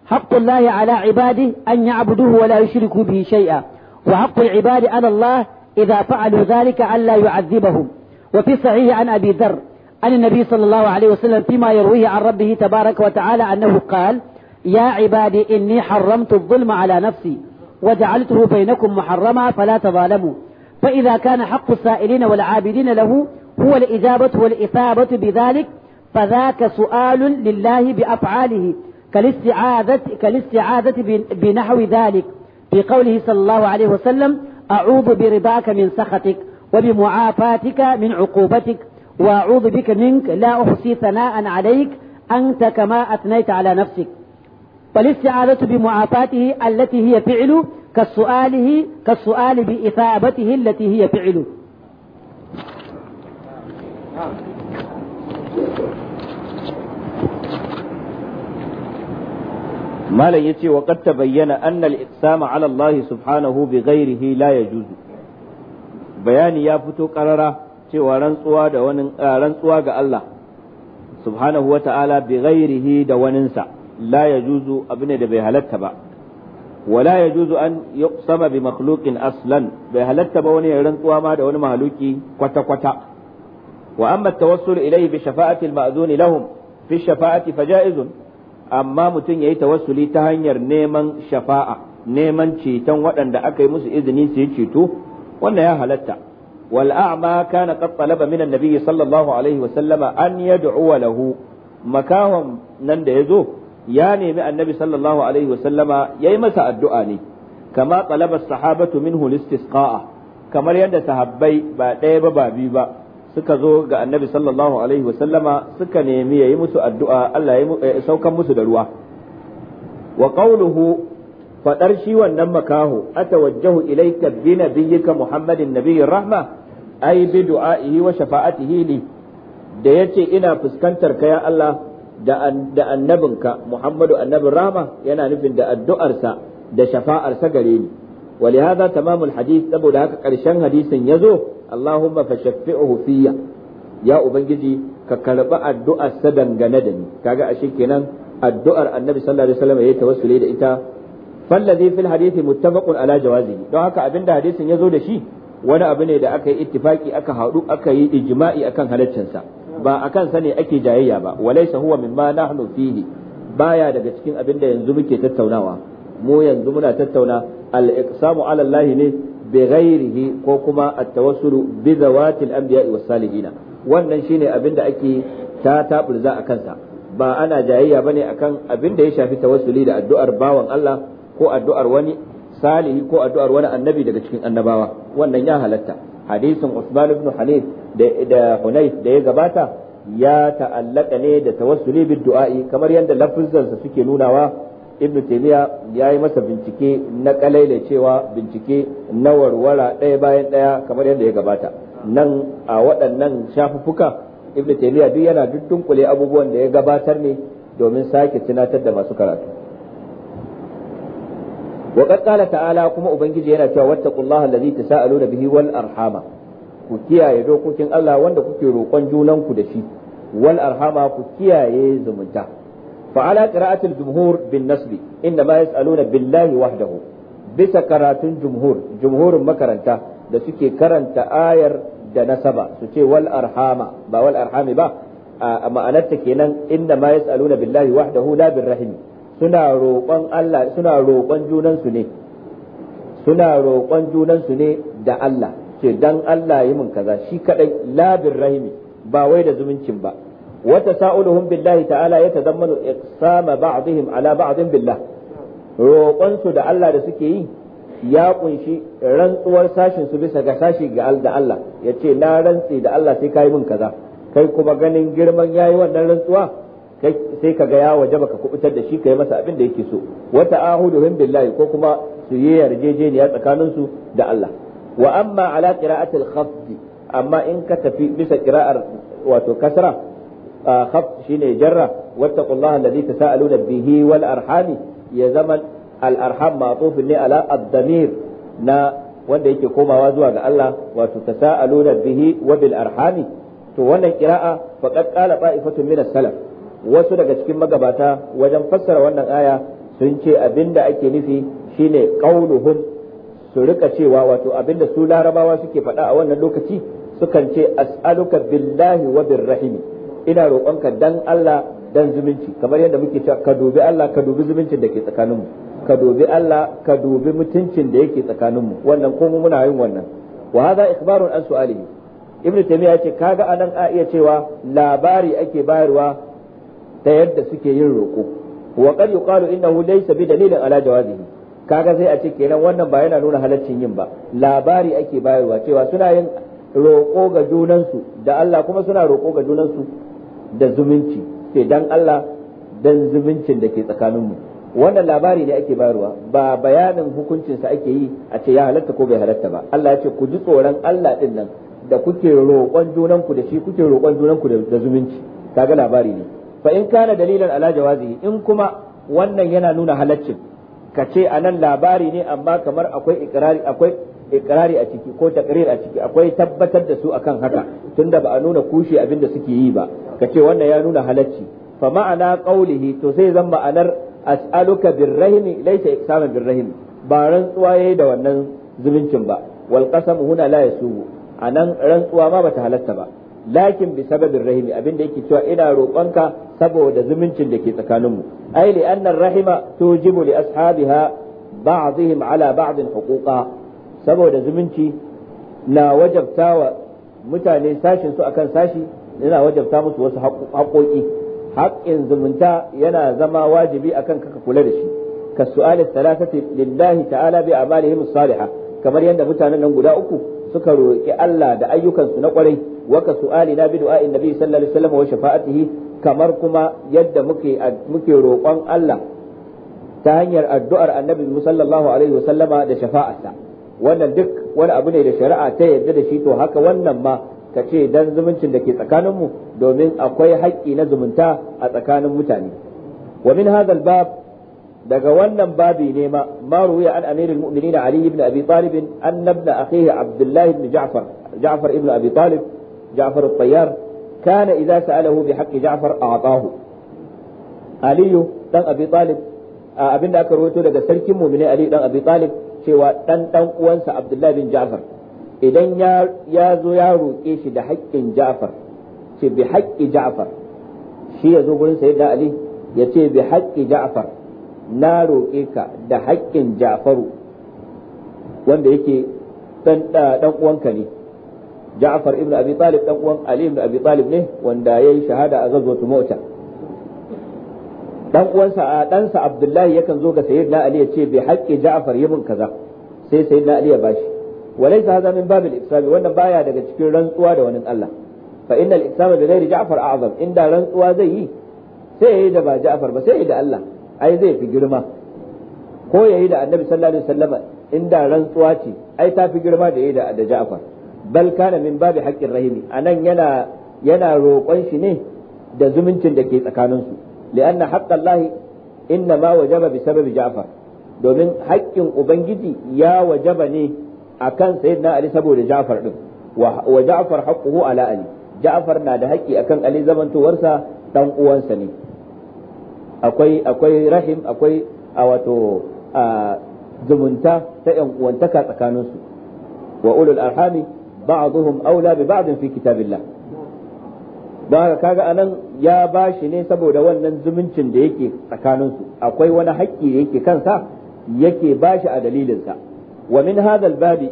[SPEAKER 2] حق الله على عباده أن يعبدوه ولا يشركوا به شيئا وحق العباد على الله إذا فعلوا ذلك ألا يعذبهم وفي الصحيح عن أبي ذر عن النبي صلى الله عليه وسلم فيما يرويه عن ربه تبارك وتعالى أنه قال يا عبادي إني حرمت الظلم على نفسي وجعلته بينكم محرما فلا تظالموا فإذا كان حق السائلين والعابدين له هو الإجابة والإثابة بذلك فذاك سؤال لله بأفعاله كالاستعاذة, كالاستعاذة بنحو ذلك في قوله صلى الله عليه وسلم أعوذ برباك من سخطك وبمعافاتك من عقوبتك وأعوذ بك منك لا أحصي ثناء عليك أنت كما أثنيت على نفسك فالاستعاذة بمعافاته التي هي فعل كسؤاله كالسؤال بإثابته التي هي فعل
[SPEAKER 1] ما
[SPEAKER 3] yace wa وقد تبين ان الاقسام على الله سبحانه بغيره لا يجوز la yajuz bayani cewa rantsuwa da wani rantsuwa ga Allah subhanahu wa ta'ala bi ghairihi da waninsa la yajuzu abin da bai halatta ba wala yajuzu an yuqsama bi makhluqin aslan bai halatta ba wani rantsuwa ma da wani mahaluki kwata kwata wa amma tawassul ilayhi bi shafa'ati al-ma'zun lahum fi shafa'ati fajaizun amma mutum yayi tawassuli ta hanyar neman shafa'a neman ceton waɗanda aka yi musu izini su yi ceto wannan ya halatta والأعمى كان قد طلب من النبي صلى الله عليه وسلم أن يدعو له مكاهم نندهزو يا نيمي النبي صلى الله عليه وسلم يمس الدعاء كما طلب الصحابة منه الاستسقاء كما يند صحابي با ɗaya ba ba suka zo ga annabi sallallahu suka nemi yayi musu addu'a Allah ya saukan musu da ruwa wa qawluhu shi wannan makaho atawajjahu ilayka bi nabiyyika muhammadin nabiyyir rahma ai bi du'a'ihi wa shafa'atihi li da yace ina fuskantar ka ya Allah da annabinka Muhammadu annabin rahma yana nufin da addu'arsa da shafa'arsa gare ni ta تمام الحديث saboda haka karshen hadisin yazo Allahumma fashaffi'hu fiyya ya ubangiji ka karba addu'ar sa dangane da ni kaga ashe kenan addu'ar Annabi sallallahu alaihi wasallam yayi tawassuli da ita fallazi fil hadisi muttafaqun ala jawazihi don haka abinda hadisin yazo da shi wani abu ne da aka yi ittifaki aka haɗu aka yi ijma'i akan halaccinsa ba akan sa ne ake jayayya ba walaysa huwa mimma nahnu fihi baya daga cikin abin da yanzu muke tattaunawa mu yanzu muna tattauna al-iqsamu ala Allah ne bi ghairihi ko kuma at-tawassulu bi zawatil anbiya'i was salihin wannan shine abin da ake ta tabulza akan sa ba ana jayayya bane akan abin da ya shafi tawassuli da addu'ar bawan Allah ko addu'ar wani salihi ko addu'ar wani annabi daga cikin annabawa wannan ya halatta hadisin Usman ibn Hanif da Hunayf da ya gabata ya ta'allaka ne da tawassuli bid du'a'i kamar yadda sa suke nunawa Ibn Taymiyyah ya yi masa bincike na kalaile cewa bincike na warwara ɗaya bayan ɗaya kamar yadda ya gabata nan a waɗannan shafuffuka Ibn Taymiyyah duk yana duk dunkule abubuwan da ya gabatar ne domin sake tunatar da masu karatu wa qad qala kuma ubangiji yana cewa wattaqullaha allazi tasaaluna bihi wal arhama ku kiyaye dokokin Allah wanda kuke roƙon junanku da shi wal arhama ku kiyaye zumunta fa ala qira'atil jumhur bin nasbi inda ma yas'aluna billahi wahdahu bisa karatun jumhur jumhurin makaranta da suke karanta ayar da nasaba su ce wal arhama ba wal arhami ba a ma'anarta kenan inda ma yas'aluna billahi wahdahu la birrahimi suna roƙon Allah suna roƙon junansu ne suna roƙon junansu ne da Allah ce dan Allah yi min kaza shi kadai labin rahimi ba wai da zumuncin ba wata sa'uluhum billahi ta'ala ya tazammanu iqsama ba'dihim ala ba'din billah roƙon su da Allah da suke yi ya kunshi rantsuwar sashin su bisa ga sashi ga da Allah yace na rantsi da Allah sai kai min kaza kai kuma ganin girman yayi wannan rantsuwa sai ka ga ya wajaba ka kubutar da shi kai masa abin da yake so wa ta'ahuduhum billahi ko kuma su yi yarjejeniya tsakanin su da Allah wa amma ala qira'ati al-khafd amma in ka tafi bisa qira'ar wato kasra khafd shine jarra wattaqullaha alladhi tasaaluna bihi wal arham ya zaman al-arham ma'tuf ne ala ad-damir na wanda yake komawa zuwa ga Allah wato tasaaluna bihi wa bil arhami to wannan qira'a faqad qala ta'ifatun min as-salaf wasu daga cikin magabata wajen fassara wannan aya sun ce abinda ake nufi shine qauluhum su rika cewa wato abinda su larabawa suke faɗa a wannan lokaci sukan ce as'aluka billahi wa birrahimi ina roƙonka dan Allah dan zumunci kamar yadda muke cewa ka dubi Allah ka dubi zumuncin da ke tsakaninmu ka dubi Allah ka dubi mutuncin da yake tsakaninmu wannan ko mu muna yin wannan wa hadha ikhbarun an su'alihi ibnu taymiya ka kaga anan a iya cewa labari ake bayarwa ta yadda suke yin roƙo wa qad yuqalu innahu laysa bi dalilin ala jawazihi kaga sai a ce kenan wannan ba yana nuna halaccin yin ba labari ake bayarwa cewa suna yin roƙo ga junansu da Allah kuma suna roƙo ga junansu da zumunci sai dan Allah dan zumuncin da ke tsakanin mu wannan labari ne ake bayarwa ba bayanin hukuncin sa ake yi a ce ya halatta ko bai halatta ba Allah ya ce ku ji tsoron Allah din nan da kuke roƙon junanku da shi kuke roƙon junanku da zumunci kaga labari ne fa in kana dalilan ala jawazi in kuma wannan yana nuna halaccin ka ce anan labari ne amma kamar akwai ikrari akwai ikrari a ciki ko takrir a ciki akwai tabbatar da su akan haka tunda ba a nuna kushi abin da suke yi ba ka ce wannan ya nuna halacci fa ma'ana qaulihi to sai zan ma'anar as'aluka birrahimi laysa iksama birrahimi ba rantsuwa yayi da wannan zumuncin ba wal qasam huna la yasubu anan rantsuwa ma bata halatta ba lakin bi sababin rahimi abin da yake cewa ina roƙonka saboda zumuncin da ke tsakaninmu ai li annar rahima tujibu li ashabiha ba'dihim ala ba'din huquqa saboda zumunci na wajabtawa mutane sashin su akan sashi yana wajabta musu wasu haƙoƙi haƙƙin zumunta yana zama wajibi akan kaka kula da shi ka su'alis salatati lillahi ta'ala bi amalihim salihah kamar yadda mutanen nan guda uku suka roki Allah da ayyukansu na kwarai wa ka na bi du'a'in nabi sallallahu alaihi wasallam wa shafa'atihi kamar kuma yadda muke muke roƙon Allah ta hanyar addu'ar annabi sallallahu alaihi wasallama da shafa'arsa wannan duk wani abu ne da shari'a ta yarda da shi to haka wannan ma ka ce dan zumuncin da ke tsakaninmu domin akwai haƙƙi na zumunta a tsakanin mutane wa min hadha bab daga wannan babi ne ma ma ruwiya an amirul mu'minin ali ibn abi talib an nabna akhihi abdullah ibn ja'far ja'far ibn abi talib ja'far at-tayyar kana idza sa'alahu bi haqqi ja'far a'tahu ali dan abi talib abinda aka rawaito daga sarkin mu'minin ali dan abi talib cewa dan dan uwansa abdullah bin ja'far idan ya zo ya roƙe shi da haƙƙin ja'far ce bi haƙƙi ja'far shi ya zo gurin sayyidina ali ya ce bi haƙƙi ja'far na roƙe ka da haƙƙin Ja'faru wanda yake dan dan uwanka ne Ja'far ibn Abi Talib dan uwan Ali ibn Abi Talib ne wanda yayi shahada a ghazwatul Mauta dan uwansa dan sa Abdullahi yakan zo ga Sayyidina Ali ya ce bi haƙƙi Ja'far yamin kaza sai Sayyidina Ali ya bashi walaysa haza min babil ifsabi wannan baya daga cikin rantsuwa da wani Allah fa innal ifsabi bi ghairi Ja'far a'zam inda rantsuwa zai yi sai yayi da ba Ja'far ba sai yayi da Allah ai zai fi girma ko yayi da annabi sallallahu alaihi in inda rantsuwa ce ai ta fi girma da yayi da da Ja'far bal kana min babi rahimi anan yana yana roƙon shi ne da zumuncin da ke tsakanin su li'anna haqqallahi inna ma wajaba bi sababi Ja'far domin haƙƙin ubangiji ya wajaba ne akan sayyidina Ali saboda Ja'far din wa Ja'far haqquhu ala Ali Ja'far na da haƙƙi akan Ali zamantowarsa dan uwansa ne akwai akwai rahim akwai a wato zumunta ta yan uwantaka tsakanin su wa ulul arhami ba'dhum aula bi ba'd fi kitabillah don haka kaga anan ya bashi ne saboda wannan zumuncin da yake tsakanin su akwai wani haƙƙi da yake kansa yake bashi a dalilinsa wa min hadal babi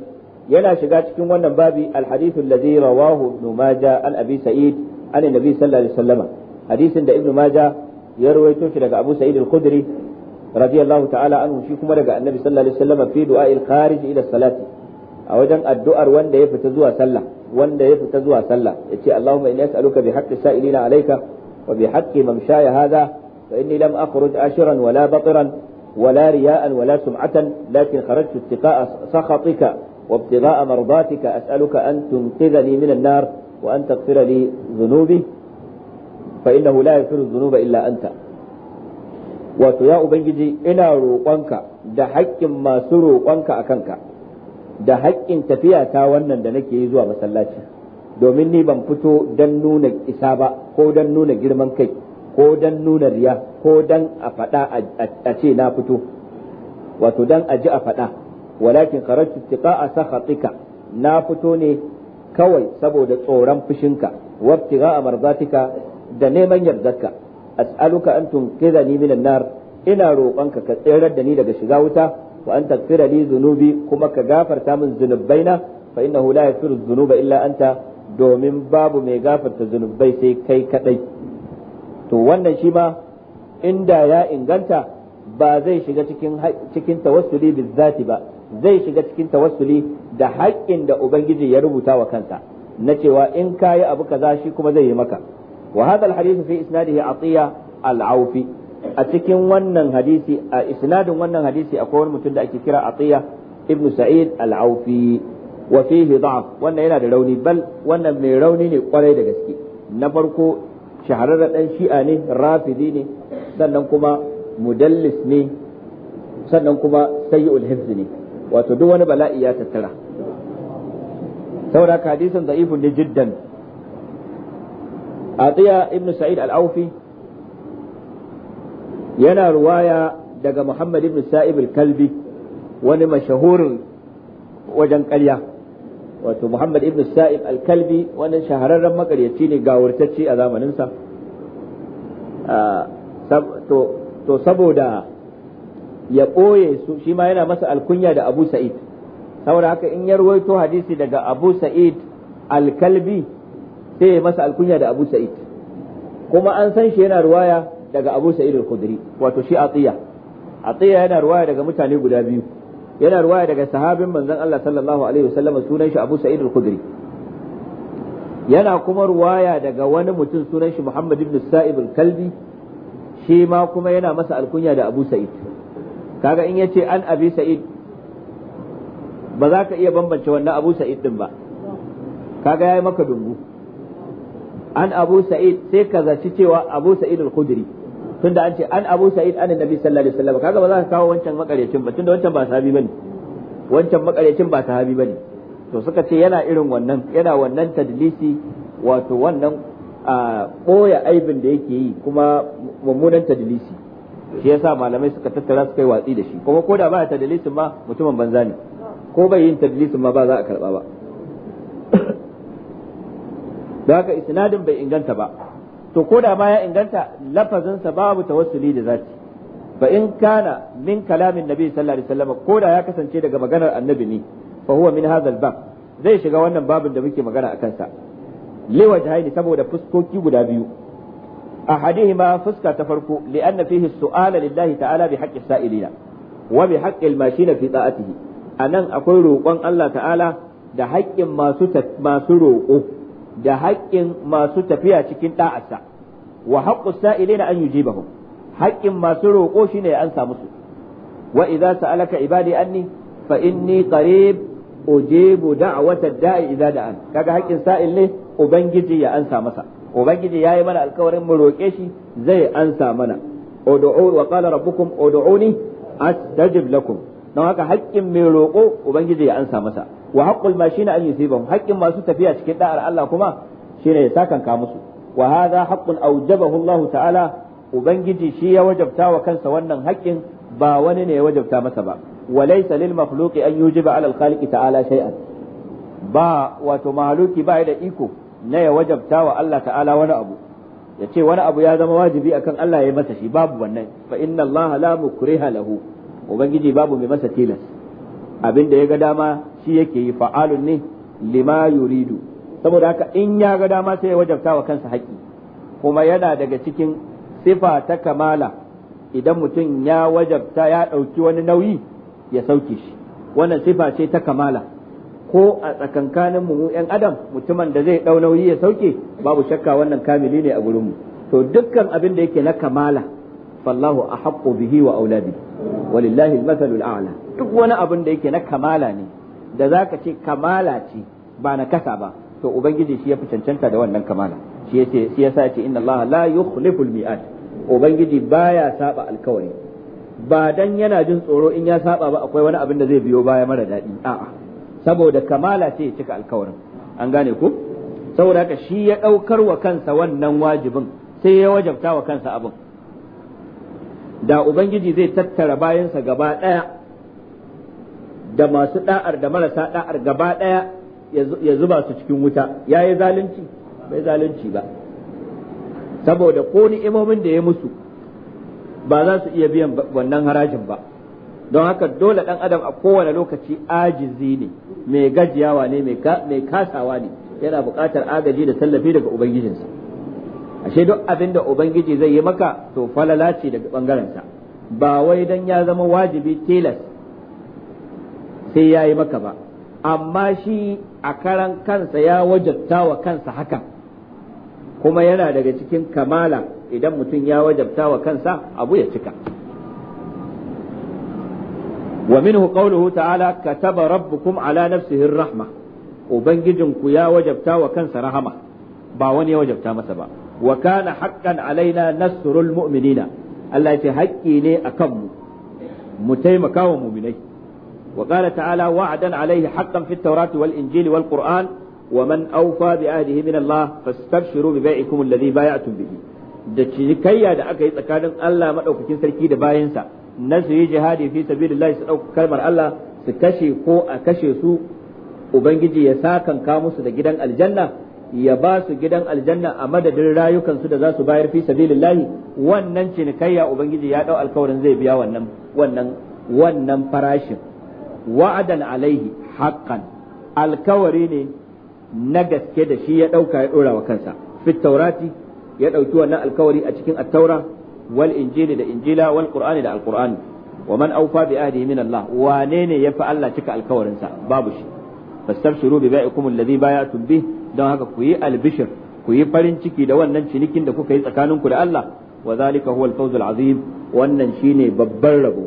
[SPEAKER 3] yana shiga cikin wannan babi alhadithu alladhi rawahu ibn majah an abi sa'id an annabi sallallahu alaihi wasallam hadisin da ibn majah ya rawaito shi daga Abu Sa'id al-Khudri radiyallahu ta'ala anhu shi kuma daga Annabi sallallahu alaihi wasallam fi du'a'il kharij ila salati a wajen addu'ar wanda ya fita zuwa sallah wanda ya fita zuwa sallah yace Allahumma inni as'aluka bi haqqi sa'ilina alayka wa bi haqqi man shaya hadha fa inni lam akhruj ashiran wala batiran ولا رياء ولا سمعة لكن خرجت اتقاء سخطك وابتغاء مرضاتك أسألك أن تنقذني من النار وأن تغفر لي ذنوبي fa innahu la yaghfiru dhunuba illa anta wato ya ubangiji ina roƙonka da haƙƙin masu roƙonka a kanka da haƙƙin tafiya ta wannan da nake yi zuwa masallaci domin ni ban fito don nuna isa ba ko don nuna girman kai ko don nuna riya ko don a faɗa a ce na fito wato don a ji a faɗa walakin a tiqa'a sakhatika na fito ne kawai saboda tsoron fushinka wabtiga a marzatika da neman yardarka as'aluka an tunqidhani minan nar ina roƙonka ka tsirar da ni daga shiga wuta wa an taghfira li dhunubi kuma ka gafarta min zunubaina fa innahu la yaghfiru dhunuba illa anta domin babu mai gafarta zunubai sai kai kadai to wannan shi ma inda ya inganta ba zai shiga cikin cikin tawassuli bizzati ba zai shiga cikin tawassuli da haƙƙin da ubangiji ya rubuta wa kansa na cewa in kayi abu kaza shi kuma zai yi maka wa hadha al-hadith fi isnadihi atiya al-aufi a cikin wannan hadisi a isnadin wannan hadisi akwai wani mutum da ake kira atiya ibnu sa'id al-aufi wa fihi da'af wannan yana da rauni bal wannan mai rauni ne kwarai da gaske na farko shahararra dan shi'a ne rafidi ne sannan kuma mudallis ne sannan kuma sayyul hifz ne wato duk wani bala'i ya tattara saboda hadisin da'ifun ne jiddan atiya ibn sa'id al-aufi yana ruwaya daga muhammad ibn sa'ib al-kalbi wani mashahurin wajen ƙarya wato muhammad ibn sa'ib al-kalbi wani shahararren makaryaci ne gawurtacce a zamaninsa to saboda ya ɓoye su shima yana masa alkunya da abu sa'id saboda haka in ya ruwaito hadisi daga abu sa'id al-kalbi sai ya masa alkunya da Abu Sa'id kuma an san shi yana ruwaya daga Abu Sa'id al-Khudri wato shi Atiya Atiya yana ruwaya daga mutane guda biyu yana ruwaya daga sahabin manzon Allah sallallahu alaihi wasallam sunan shi Abu Sa'id al-Khudri yana kuma ruwaya daga wani mutum sunan shi Muhammad ibn Sa'ib al-Kalbi shi ma kuma yana masa alkunya da Abu Sa'id kaga in yace an Abi Sa'id ba za ka iya bambance wannan Abu Sa'id din ba kaga yayi maka dungu an abu sa'id sai ka zaci cewa abu sa'id al-khudri tunda an ce an abu sa'id an annabi sallallahu alaihi wasallam kaga ba za ka kawo wancan makaryacin ba tunda wancan ba sahabi bane wancan makaryacin ba sahabi bane to suka ce yana irin wannan yana wannan tadlisi wato wannan a boya aibin da yake yi kuma mummunan tadlisi shi yasa malamai suka tattara suka yi watsi da shi kuma ko da ba tadlisin ma mutumin banza ne ko bai yin tadlisin ma ba za a karba ba da haka isnadin bai inganta ba to koda ma ya inganta sa babu tawassuli da zati fa in kana min kalamin nabi sallallahu alaihi wasallam ko da ya kasance daga maganar annabi ne fa huwa min hadha bab zai shiga wannan babin da muke magana a kansa wajhaini saboda fuskoki guda biyu fuska ta farko fihi su'ala lillahi ta'ala bi haqqi sa'ilina wa bi haqqi al الماشين fi ta'atihi nan akwai roƙon allah ta'ala da haƙƙin masu roƙo da haƙƙin masu tafiya cikin da'arsa wa sa'ile na an yi yujibahum haƙƙin masu roƙo shi ne an samu su. wa idza sa'alaka ibadi anni fa inni qarib ujibu da'wata da'i idza da'an kaga haƙƙin sa'il ne ubangiji ya ansa masa ubangiji ya yi mana alƙawarin mu roƙe shi zai ansa mana ud'u wa qala rabbukum ud'uni astajib lakum don haka haƙƙin mai roƙo ubangiji ya ansa masa wa haqqul mashina an yusibahum haƙƙin masu tafiya cikin da'ar Allah kuma shine ya sakanka musu wa hadha haqqun awjabahu Allah ta'ala ubangiji shi ya wajabta wa kansa wannan haƙƙin ba wani ne ya wajabta masa ba wa laysa lil makhluqi an yujiba 'ala al khaliqi ta'ala shay'an ba wato mahaluki ba da iko na ya wajabta wa Allah ta'ala wani abu ya ce wani abu ya zama wajibi akan Allah ya masa shi babu wannan fa inna Allah la mukriha lahu ubangiji babu mai masa tilas abin da ya ga dama shi yake yi fa'alun ne lima yuridu saboda haka in ya ga dama sai ya wajabta wa kansa haƙƙi kuma yana daga cikin sifa ta kamala idan mutum ya wajabta ya ɗauki wani nauyi ya sauke shi wannan sifa ce ta kamala ko a tsakankanin mu 'yan adam mutumin da zai ɗau nauyi ya sauke babu shakka wannan kamili ne a gurinmu to dukkan abin da yake na kamala fallahu a bihi wa auladi walillahi al-masalul duk wani abin da yake na kamala ne da zaka ce kamala ce ba na kasa ba to ubangiji shi ya fi cancanta da wannan kamala shi yace shi yasa yace inna allaha la yukhliful mi'at ubangiji baya saba alkawari ba dan yana jin tsoro in ya saba ba akwai wani abin da zai biyo baya mara daɗi a'a saboda kamala ce ya cika alkawarin an gane ku saboda haka shi ya ɗaukar wa kansa wannan wajibin sai ya wajabta wa kansa abin da ubangiji zai tattara bayansa gaba ɗaya da masu da'ar da marasa ɗa'ar gaba ɗaya ya zuba su cikin wuta ya yi zalunci bai zalunci ba saboda ko ni'imomin da ya musu ba za su iya biyan wannan harajin ba don haka dole ɗan adam a kowane lokaci ajizi ne mai gajiyawa ne mai kasawa ne yana buƙatar agaji da tallafi daga ubangijinsa ashe duk abin da ubangiji zai yi maka to falala ce daga bangarensa ba wai dan ya zama wajibi tilas sai ya yi maka ba amma shi a karan kansa ya wajabta wa kansa haka kuma yana daga cikin kamala idan mutum ya wajabta wa kansa abu ya cika ومنه قوله تعالى كتب ربكم على نفسه الرحمة wa kansa وجبتا ba wani ya wajabta masa ba. wa kana haqqan alaina nasrul mu'minina Allah ce haƙƙi ne akan mu mu taimaka wa mu'minai wa qala ta'ala wa'dan alaihi haqqan fit wal injili wal qur'an wa man awfa bi ahdihi min Allah fastabshiru bi bai'ikum alladhi bay'atum bihi da cinikayya da aka yi tsakanin Allah madaukakin sarki da bayansa na su yi jihadi fi sabilillahi su ɗauka kalmar Allah su kashe ko a kashe su ubangiji ya sa ka musu da gidan aljanna ya ba su gidan aljanna a madadin rayukansu da za su bayar fi sabilillahi wannan cinikayya ubangiji ya dau alkawarin zai biya wannan wannan wannan farashin wa'adan alaihi haqqan alkawari ne na gaske da shi ya dauka ya dora wa kansa fit taurati ya dauki wannan alkawari a cikin at-taura wal injili da injila wal qur'ani da alqur'ani wa man awfa bi ahdihi min Allah wane ne yafi Allah cika alkawarinsa babu shi fastabshiru bi ba'ikum alladhi bay'atum bihi don haka ku yi albishir ku yi farin ciki da wannan cinikin da kuka yi tsakaninku da Allah wa zalika huwa al-fawz al-azim wannan shine babban rabo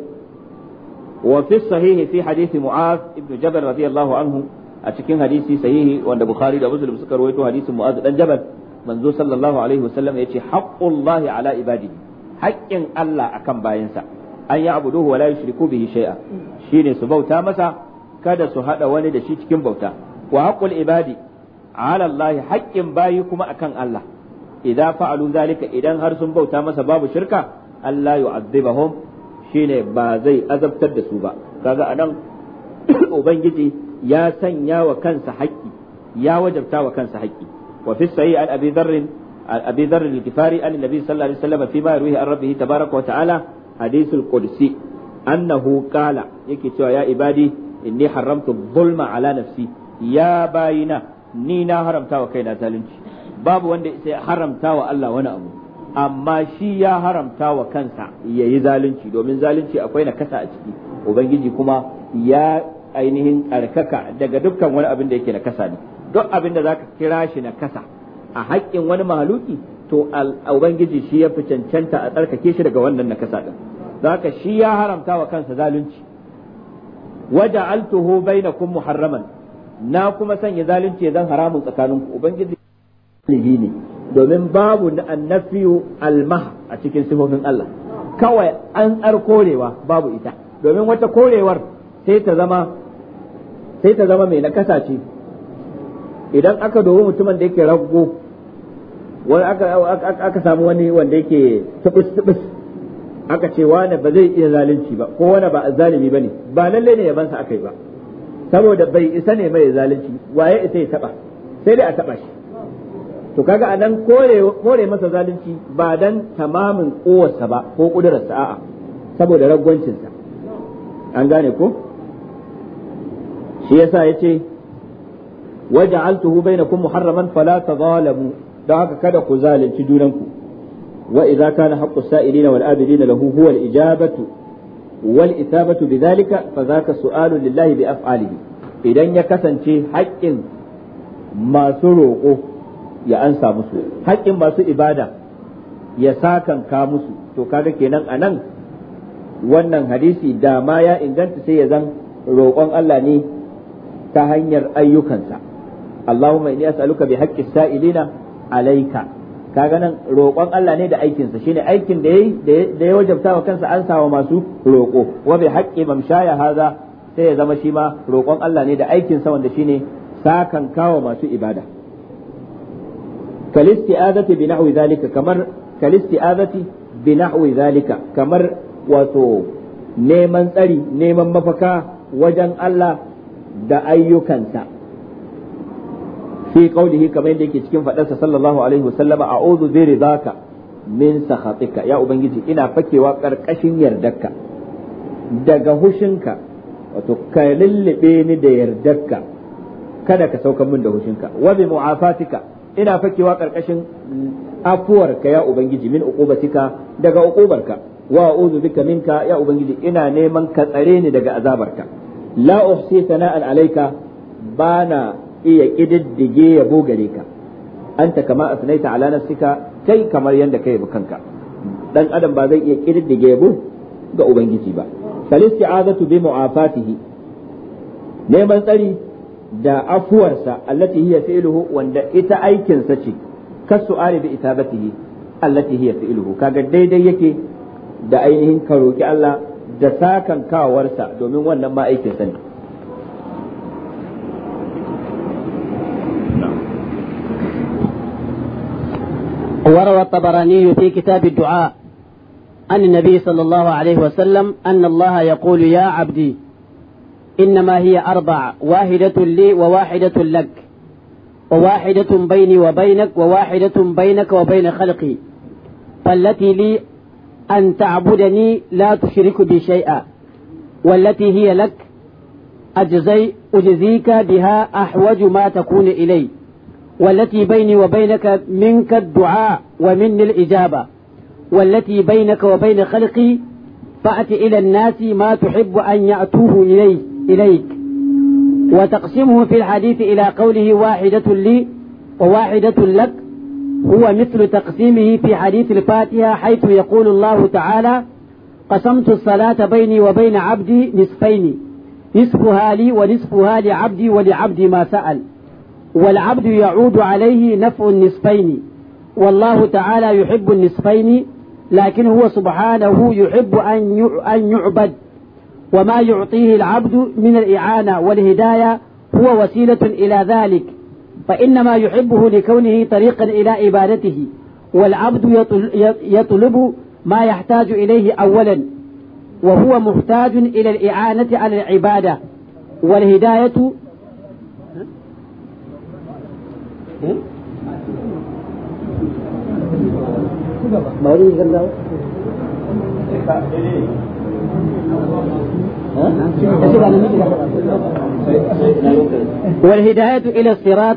[SPEAKER 3] wa fi sahihi fi hadisi mu'az ibn jabal radiyallahu anhu a cikin hadisi sahihi wanda bukhari da muslim suka rawaito hadisin mu'az dan jabal manzo sallallahu alaihi wasallam yace haqqullahi ala ibadihi haƙƙin Allah akan bayinsa an ya abuduhu wa la yushriku bihi shay'a shine su bauta masa kada su hada wani da shi cikin bauta wa haqqul ibadi ala Allah haƙƙin bayi kuma akan Allah idza fa'alu zalika idan har sun bauta masa babu shirka Allah yu'adhibahum shine ba zai azabtar da su ba kaga anan ubangiji ya sanya kansa haƙƙi ya wajabta wa kansa haƙƙi wa fi sahih an abi dharr abi dharr al-kifari an fi ma ruhi an rabbih tabaaraka wa ta'ala hadithul qudsi annahu qala yake cewa ya ibadi inni haramta bulma ala nafsi ya bayina ni na haramta wa kaina zalunci babu wanda sai haramta wa Allah wani abu amma shi ya haramta wa kansa ya yi zalunci domin zalunci akwai na kasa a ciki ubangiji kuma ya ainihin tsarkaka daga dukkan wani abin da yake na kasa ne duk abin da zaka kira shi na kasa a haƙƙin wani mahaluki to ubangiji shi ya fi cancanta a tsarkake shi daga wannan na nakasa din zaka shi ya haramta wa kansa zalunci waja'altuhu bainakum muharraman na kuma sanya zalunci zan haramun tsakaninku ubangiji lihi ne domin babu na annafiyu almah a cikin sifofin Allah kawai an tsar korewa babu ita domin wata korewar sai ta zama sai ta zama mai nakasa ce idan aka dobi mutumin da yake raggo wani aka samu wani wanda yake tubus tubus aka ce wani ba zai iya zalunci ba ko wani ba zalimi bane ba lalle ne yabansa akai ba saboda bai isa ne mai zalunci waye isa ya taba sai dai a taba shi to kaga anan kore kore masa zalunci ba dan tamamin kowarsa ba ko kudurarsa a'a saboda sa an gane ko shi yasa yace waj'altuhu bainakum muharraman fala tadhalamu don haka kada ku zalunci junanku wa idza kana haqqus sa'ilina wal abidina lahu huwa al ijabatu wal isabatu bidhalika fa ka su'alu lillahi bi af'alihi idan ya kasance haƙƙin masu roƙo ya ansa musu haƙƙin masu ibada ya sakanka musu to kaga kenan anan wannan hadisi da ma ya inganta sai ya zan roƙon Allah ne ta hanyar ayyukansa allahuma inni as'aluka bi haqqis sa'ilina alayka kaga nan roƙon Allah ne da aikinsa shine aikin da yayi ya wajabta wa kansa an sawa masu roƙo wa bi haqqi mamshaya haza sai ya zama shi ma roƙon Allah ne da aikinsa wanda shine sakan kawo masu ibada kalisti azati bi nahwi zalika kamar kalisti azati bi nahwi zalika kamar wato neman tsari neman mafaka wajen Allah da ayyukansa fi qawlihi kamar yadda yake cikin fadarsa sallallahu alaihi wasallama a'udhu bi ridaka min sakhatika ya ubangiji ina fakewa karkashin yardarka daga hushinka wato ka lullube ni da yardarka kada ka saukan min da hushinka wa bi mu'afatika ina fakewa karkashin ka ya ubangiji min uqubatika daga uqubarka wa a'udhu bika minka ya ubangiji ina neman ka tsare ni daga azabarka la uhsi sana'an alayka bana iya ya kididdige ya bogare ka anta kama asnaita ala nafsika kai kamar yadda kai bu kanka dan adam ba zai iya kididdige bu ga ubangiji ba salisti azatu bi mu'afatihi neman tsari da afuwarsa allati hiya fi'luhu wanda ita aikinsa ce kasu ari bi itabatihi allati hiya fi'luhu kaga daidai yake da ainihin ka roki Allah da sakan kawarsa domin wannan ma sa ne
[SPEAKER 2] وروى الطبراني في كتاب الدعاء عن النبي صلى الله عليه وسلم أن الله يقول يا عبدي إنما هي أربع واحدة لي وواحدة لك وواحدة بيني وبينك وواحدة بينك وبين خلقي فالتي لي أن تعبدني لا تشرك بي شيئا والتي هي لك أجزي أجزيك بها أحوج ما تكون إلي والتي بيني وبينك منك الدعاء ومني الإجابة والتي بينك وبين خلقي فأت إلى الناس ما تحب أن يأتوه إليه إليك وتقسمه في الحديث إلى قوله واحدة لي وواحدة لك هو مثل تقسيمه في حديث الفاتحة حيث يقول الله تعالى قسمت الصلاة بيني وبين عبدي نصفين نصفها لي ونصفها لعبدي ولعبدي ما سأل والعبد يعود عليه نفع النصفين والله تعالى يحب النصفين لكن هو سبحانه يحب أن يعبد وما يعطيه العبد من الإعانة والهداية هو وسيلة إلى ذلك فإنما يحبه لكونه طريقا إلى عبادته والعبد يطلب ما يحتاج إليه أولا وهو محتاج إلى الإعانة على العبادة والهداية والهداية إلى الصراط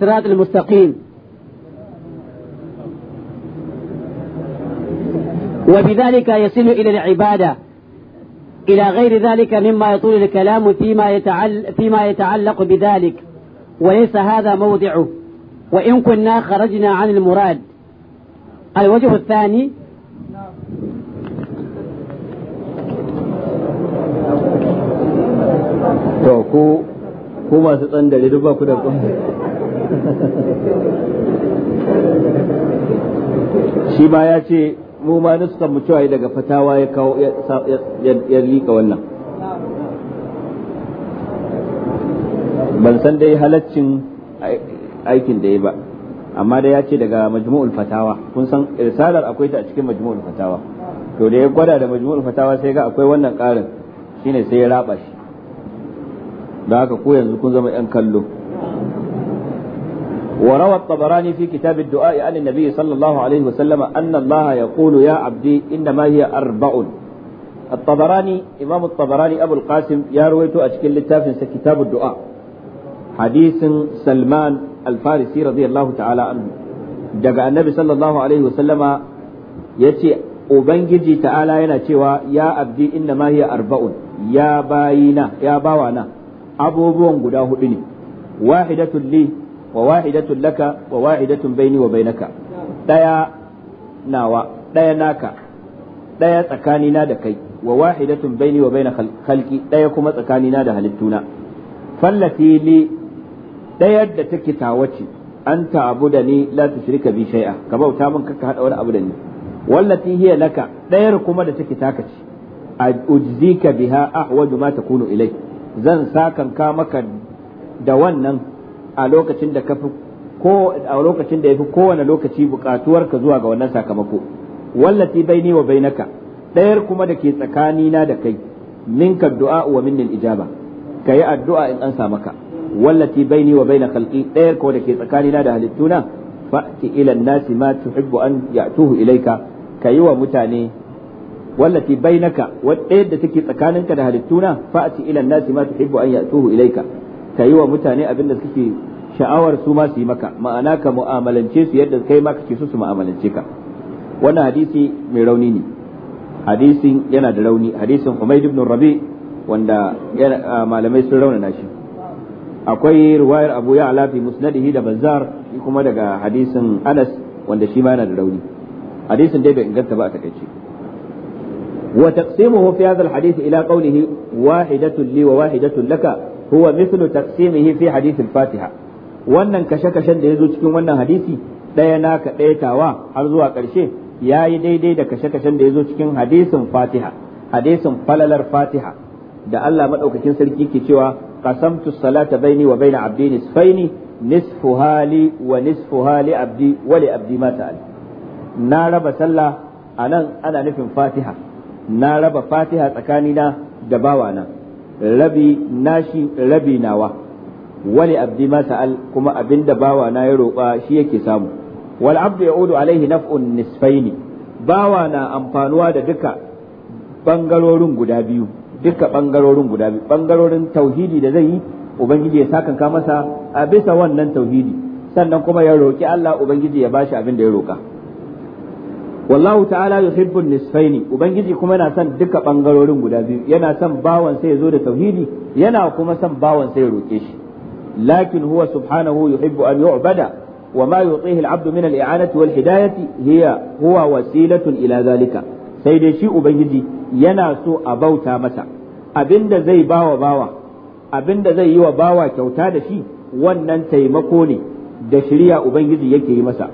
[SPEAKER 2] صراط المستقيم وبذلك يصل إلى العبادة إلى غير ذلك مما يطول الكلام فيما فيما يتعلق بذلك وليس هذا موضعه وإن كنا خرجنا عن المراد الوجه الثاني
[SPEAKER 3] to ku ku masu tsandare duk ba ku da shi ma ya ce mu ma nuskan mu cewa daga fatawa ya kawo ya lika wannan ban san dai halaccin aikin da ya ba amma da ya ce daga majmu'ul fatawa kun san irsalar akwai ta a cikin majmu'ul fatawa to da ya gwada da majmu'ul fatawa sai ga akwai wannan karin shine sai ya raba shi da haka ko yanzu kun zama yan kallo وروى الطبراني في كتاب الدعاء عن النبي صلى الله عليه وسلم أن الله يقول يا عبدي إنما هي أربع الطبراني إمام الطبراني أبو القاسم يا رويت أشكل لتافنس كتاب الدعاء حديث سلمان al-Farisi radiyallahu ta'ala anhu daga annabi sallallahu alaihi wa sallama yace ubangiji ta'ala yana cewa ya abdi inna ma hiya arba'un ya bayina ya bawana abubuwan guda hudu ne wahidatun li wa wahidatun laka wa wahidatun baini wa bainaka daya nawa daya naka daya tsakanina da kai wa wahidatun baini wa baina kuma tsakanina da halittuna fallati ɗayar da take tawace an da ni la tushrika bi shay'a ka bauta min kaka hada wani abu da ni wallati hiya laka ɗayar kuma da take taka ce ujzika biha ahwaju ma takunu ilai zan ka maka da wannan a lokacin da kafi ko a lokacin da yafi kowane lokaci ka zuwa ga wannan sakamako wallati baini wa bainaka ɗayar kuma da ke tsakanina da kai minka du'a wa minni ijaba kayi addu'a in an sa maka wallati baini wa baina khalqi ɗayar ko da ke tsakanina da halittuna fa'ti ila nasi ma tuhibbu an ya'tuhu ilayka kayi wa mutane wallati bainaka ɗayar da take tsakaninka da halittuna fa'ti ila nasi ma tuhibbu an ya'tuhu ilayka kayi wa mutane abinda suke sha'awar su ma su yi maka ma'ana ka mu'amalance su yadda kai ma kake so su mu'amalance ka wannan hadisi mai rauni ne hadisin yana da rauni hadisin Humayd ibn Rabi wanda malamai sun raunana shi akwai riwayar abu ya alafi fi musnadihi da bazar kuma daga hadisin anas wanda shi ma yana da rauni hadisin dai bai inganta ba a takaice wa taqsimuhu fi hadha alhadith ila qawlihi wahidatun li wa wahidatun laka huwa mithlu taqsimihi fi hadith alfatiha fatiha wannan kashe-kashen da yazo cikin wannan hadisi daya naka daya tawa har zuwa karshe yayi daidai da kashe-kashen da yazo cikin hadisin fatiha hadisin falalar fatiha da Allah madaukakin sarki ke cewa qasamtu as-salata baini wa baina abdi nisfaini nisfu hali wa nisfu hali abdi abdi ma na raba sallah anan ana nufin fatiha na raba fatiha tsakanina da bawana rabi nashi rabi nawa wali abdi ma kuma abinda bawana ya roƙa shi yake samu wal abdu ya'udu alaihi naf'un Bawa na amfanuwa da duka bangarorin guda biyu duka bangarorin guda biyu bangarorin tauhidi da zai yi ubangiji ya sakanka masa a bisa wannan tauhidi sannan kuma ya roki Allah ubangiji ya bashi abin da ya roka wallahu ta'ala yuhibbu nisfaini ubangiji kuma yana son duka bangarorin guda biyu yana son bawan sai ya zo da tauhidi yana kuma son bawan sai ya roke shi lakin huwa subhanahu yuhibbu an yu'bada وما يعطيه العبد i'anati wal hidayati هي huwa wasilatun ila ذلك sai dai shi ubangiji yana so a bauta masa abinda zai bawa bawa abinda zai yi wa bawa kyauta da shi wannan taimako ne da shirya ubangiji yake yi masa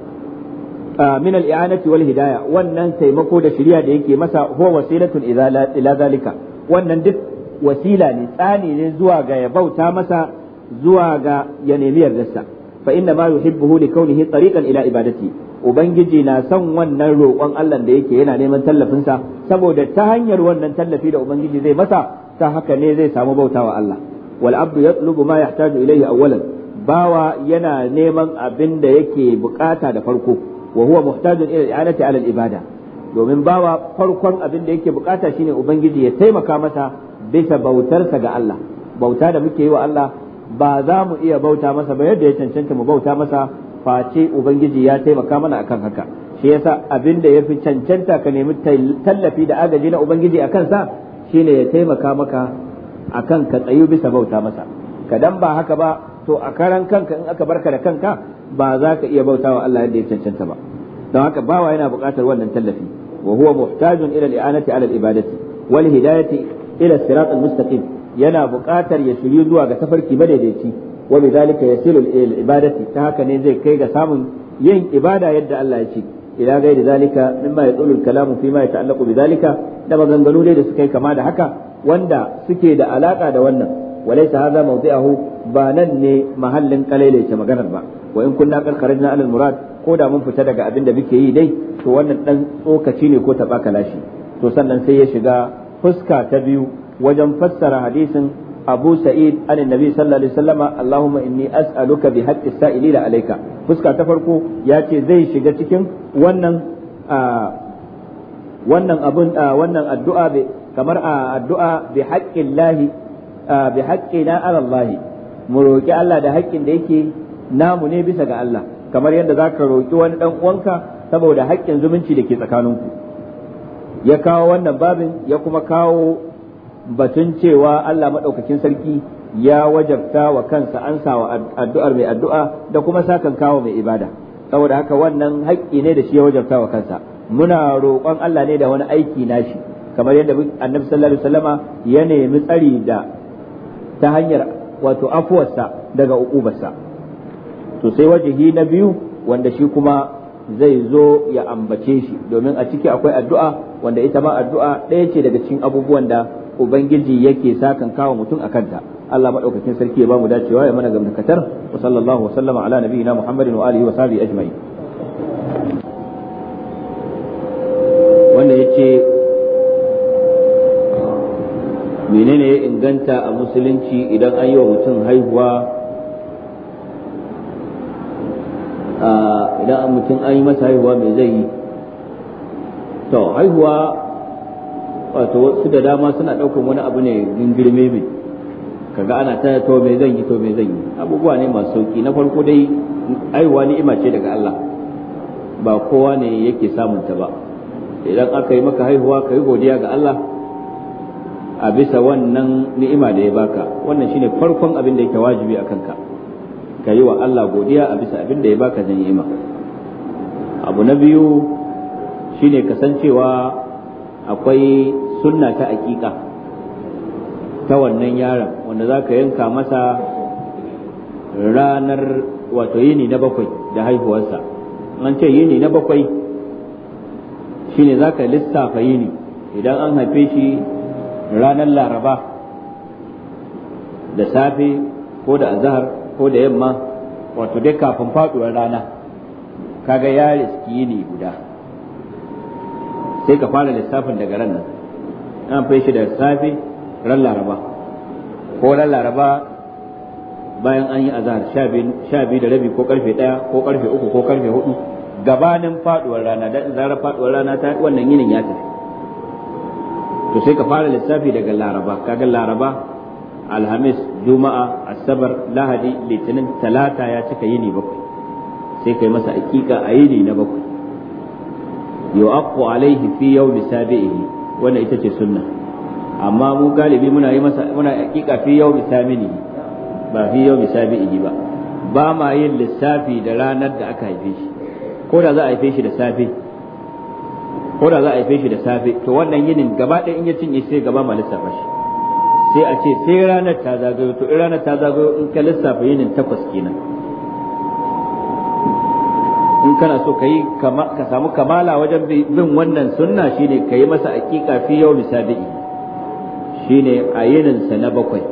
[SPEAKER 3] min al-i'anati wal hidaya wannan taimako da shirya da yake masa huwa wasilatun ila zalika wannan duk wasila ne tsani ne zuwa ga ya bauta masa zuwa ga ya nemi yardarsa fa inna ma yuhibbuhu li kaunihi tariqan ila ibadati ubangiji na son wannan roƙon Allah da yake yana neman tallafinsa saboda ta hanyar wannan tallafi da ubangiji zai masa ta haka ne zai samu bautawa Allah wal abdu yatlubu ma yahtaju ilayhi awwalan bawa yana neman abin da yake bukata da farko wa huwa muhtajun ila i'anati ala ibada domin bawa farkon abin da yake bukata shine ubangiji ya taimaka masa bisa bautarsa ga Allah bauta da muke yi wa Allah ba za mu iya bauta masa ba yadda ya cancanta mu bauta masa face ubangiji ya taimaka mana akan haka shi yasa abin da fi cancanta ka nemi tallafi da agaji na ubangiji akan sa shine ya taimaka maka akan ka tsayu bisa bauta masa kadan ba haka ba to a karan kanka in aka barka da kanka ba za ka iya bauta wa Allah yadda ya cancanta ba don haka bawa yana buƙatar wannan tallafi wa huwa muhtajun ila al ala ibadati wal hidayati ila sirat al-mustaqim yana buƙatar ya shiryu zuwa ga tafarki madaidaici wa zalika yasilu ila ibadati ta haka ne zai kai ga samun yin ibada yadda Allah ya ce ila gairi zalika in mimma yadulul kalamu fi ma yata'allaqu bidhalika da maganganu ne da suka kama da haka wanda suke da alaka da wannan walaysa hadha mawdi'ahu ba nan ne mahallin kalailace maganar ba wa in kunna qad kharajna murad ko da mun fita daga abin da muke yi dai to wannan dan lokaci ne ko tabaka lashi to sannan sai ya shiga fuska ta biyu wajen fassara hadisin abu sa'id an annabi sallallahu alaihi wasallama allahumma inni as'aluka bi haqqi sa'ilina alayka fuska ta farko ya ce zai shiga cikin wannan abun wannan addu'a kamar addu'a bi haqqillahi bi haqqina ala allah mu roƙi Allah da haƙƙin da yake namu ne bisa ga Allah kamar yadda zaka roƙi wani dan uwanka saboda haƙƙin zumunci da ke tsakaninku ya kawo wannan babin ya kuma kawo batun cewa Allah maɗaukakin sarki ya wajabta wa kansa ansa wa addu'ar mai addu'a da kuma sakan kawo mai ibada saboda haka wannan haƙƙi ne da shi ya wajabta wa kansa muna roƙon Allah ne da wani aiki nashi kamar yadda annabi sallallahu alaihi ya nemi tsari da ta hanyar wato afuwarsa daga uƙubarsa to wajihi na biyu wanda shi kuma zai zo ya ambace shi domin a ciki akwai addu'a wanda ita ma addu'a ɗaya ce daga cikin abubuwan da ubangiji yake sakan kawo mutum a kanta Allah madaukakin sarki ya bamu dacewa ya mana gamdakatar wa sallallahu wa sallama ala nabiyina Muhammadin wa alihi wa sahbihi ajma'in wanda yace menene ya inganta a musulunci idan an yi wa mutum haihuwa idan mutum an yi masa haihuwa mai zai yi to haihuwa wato wasu da dama suna ɗaukar wani abu ne girme mai kaga ana ta to mai zan yi to mai zan yi abubuwa ne masu sauki na farko dai haihuwa ni'ima ce daga Allah ba kowa ne yake samun ta ba idan aka yi maka haihuwa ka yi godiya ga Allah a bisa wannan ni'ima da ya baka wannan shine farkon abin da yake wajibi a ka. ka yi wa Allah godiya a bisa abin da ya baka da ni'ima abu na biyu shine kasancewa akwai sunna ta aƙiƙa ta wannan yaron wanda za ka yanka masa ranar wato yini na bakwai da haihuwarsa an ce yini na bakwai shine za ka lissafa yini idan an haife shi ranar laraba da safe ko da azahar ko da yamma wato dai kafin faduwar rana kaga ya riski ne guda sai ka fara lissafin daga ran nan an fai shi da safe ran laraba ko ran laraba bayan an yi azahar sha biyu da rabi ko karfe ɗaya ko karfe uku ko karfe hudu gabanin faduwar rana da zarar faduwar rana ta wannan yinin ya tafi to sai ka fara lissafi daga laraba kaga laraba alhamis juma'a asabar lahadi litinin talata ya cika yini bakwai sai kai masa hakika a yini na bakwai yu'aqqu alaihi fi yawmi sabi'ihi wannan ita ce sunna amma mu galibi muna yi masa muna hakika fi yawmi samini ba fi yawmi sabi'ihi ba ba ma yin lissafi da ranar da aka haife shi ko da za a haife shi da safe ko da za a haife shi da safe to wannan yinin gaba ɗaya in ya cinye sai gaba ma lissafa shi sai a ce sai ranar ta zagayo to in ranar ta zagayo in ka lissafa yinin takwas kenan in kana so ka yi ka samu kamala wajen bin wannan sunna shine ka yi masa aqiqa fi yau sabi'i shine a yinin sa na bakwai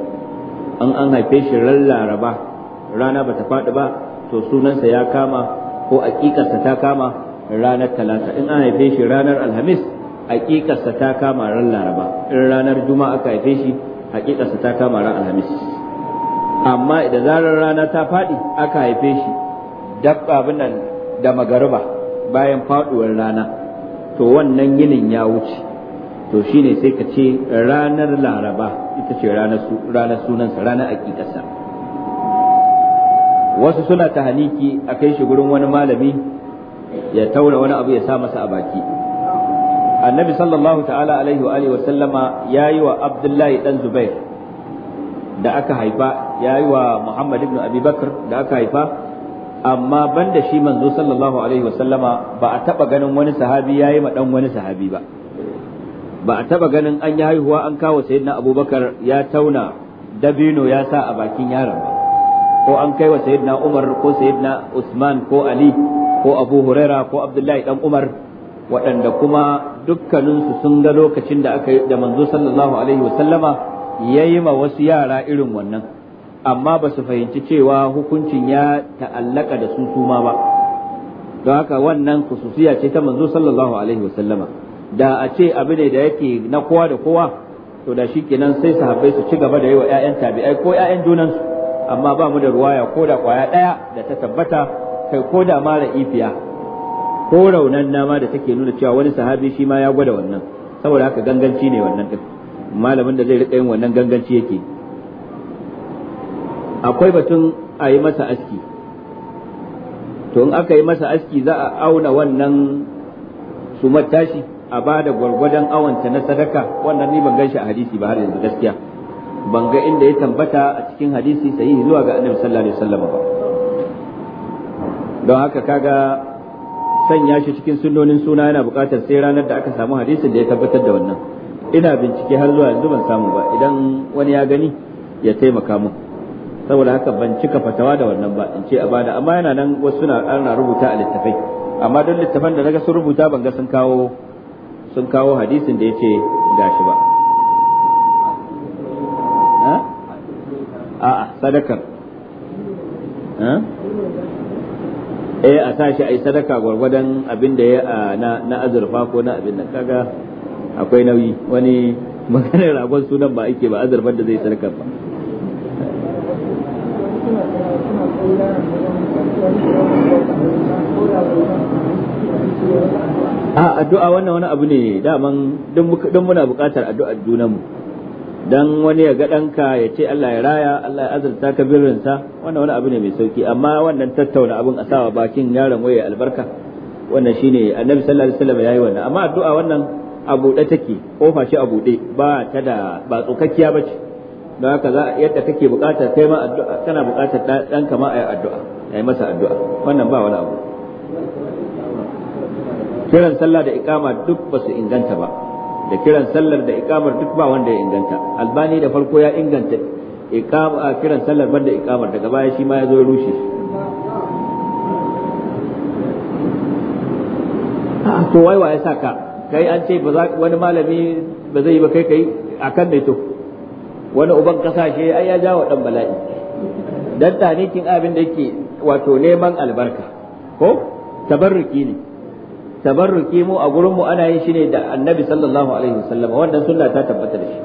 [SPEAKER 3] an an haife shi ran laraba rana bata faɗi ba to sunansa ya kama ko aqiqarsa ta kama ranar talata in an haife shi ranar alhamis aƙiƙarsa ta kama ran laraba in ranar juma'a aka haife shi haƙiƙarsa ta kama ran alhamis amma idan zarar rana ta faɗi aka haife shi dabba nan da magariba bayan faɗuwar rana to wannan ginin ya wuce to shine sai ka ce ranar laraba ita ce ranar sunansa ranar aƙiƙarsa wasu suna ta haniki a kai shi gurin wani malami ya taura wani abu ya sa masa a baki annabi sallallahu ta'ala alaihi wa alihi wa sallama wa abdullahi dan zubair da aka haifa yayi wa muhammad ibn abi bakr da aka haifa amma banda shi manzo sallallahu alaihi wa sallama ba a taba ganin wani sahabi yayi ma dan wani sahabi ba ba a taba ganin an yi haihuwa an kawo sayyidina abubakar ya tauna dabino ya sa a bakin yaron ba ko an kai wa sayyidina umar ko sayyidina usman ko ali ko abu huraira ko abdullahi dan umar waɗanda kuma dukkaninsu sun ga lokacin da aka da manzo sallallahu alaihi wasallama ya yi ma wasu yara irin wannan amma ba su fahimci cewa hukuncin ya ta'allaka da su suma ba don haka wannan kususiya ce ta manzo sallallahu alaihi wasallama da a ce abu ne da yake na kowa da kowa to da shi kenan sai sahabbai su ci gaba da yi wa 'ya'yan tabi'ai ko 'ya'yan junansu amma ba mu da ruwaya ko da kwaya ɗaya da ta tabbata kai ko da mara ifiya ko raunan nama da take nuna cewa wani sahabi shi ma ya gwada wannan saboda haka ganganci ne wannan din malamin da zai rika yin wannan ganganci yake akwai batun a yi masa aski to in aka yi masa aski za a auna wannan sumar tashi a ba da gwargwadon awanta na sadaka wannan ni ban ganshi a hadisi ba har yanzu gaskiya ban ga inda ya tambata a cikin hadisi sahihi zuwa ga annabi sallallahu alaihi wasallam ba don haka kaga sanya shi cikin sunnonin suna yana buƙatar sai ranar da aka samu hadisin da ya tabbatar da wannan ina bincike har zuwa yanzu ban samu ba idan wani ya gani ya taimaka mu saboda haka ban cika fatawa da wannan ba in ce a bada amma yana nan wasu suna ana rubuta a littafai amma don littafan da naga sun rubuta ban ga sun kawo sun kawo hadisin da yace gashi ba a'a sadakar eh a sashi ai sadaka gwargwadon abin da ya na azurfa ko na abin da kaga akwai nauyi wani maganar ragon sunan ba ake ba azurfar da zai sadaka ba a addu'a wannan wani abu ne daman don muna bukatar addu'ar junanmu dan wani ya ga ɗanka ya ce Allah ya raya Allah ya azurta ka birrinsa wannan wani abu ne mai sauki amma wannan tattauna abin a sawa bakin yaron waye albarka wannan shine annabi sallallahu alaihi wasallam yayi wannan amma addu'a wannan a buɗe take kofa shi a buɗe ba ta da ba tsokakkiya ba ce don haka za yadda kake bukata kai ma addu'a kana buƙatar dan kama ayi addu'a ayi masa addu'a wannan ba wani abu kiran sallah da iqama duk ba su inganta ba da kiran sallar da ikamar duk ba wanda ya inganta albani da farko ya inganta ikama kiran sallar banda ikamar daga baya shi ma ya zo ya rushe to wai wa saka kai an ce ba za wani malami ba zai yi ba kai kai akan ne to wani uban kasashe ai ya jawo dan bala'i dan tanikin abin da yake wato neman albarka ko tabarruki ne tabarruki mu a gurin mu ana yin shi ne da annabi sallallahu alaihi wasallam wannan sunna ta tabbata da shi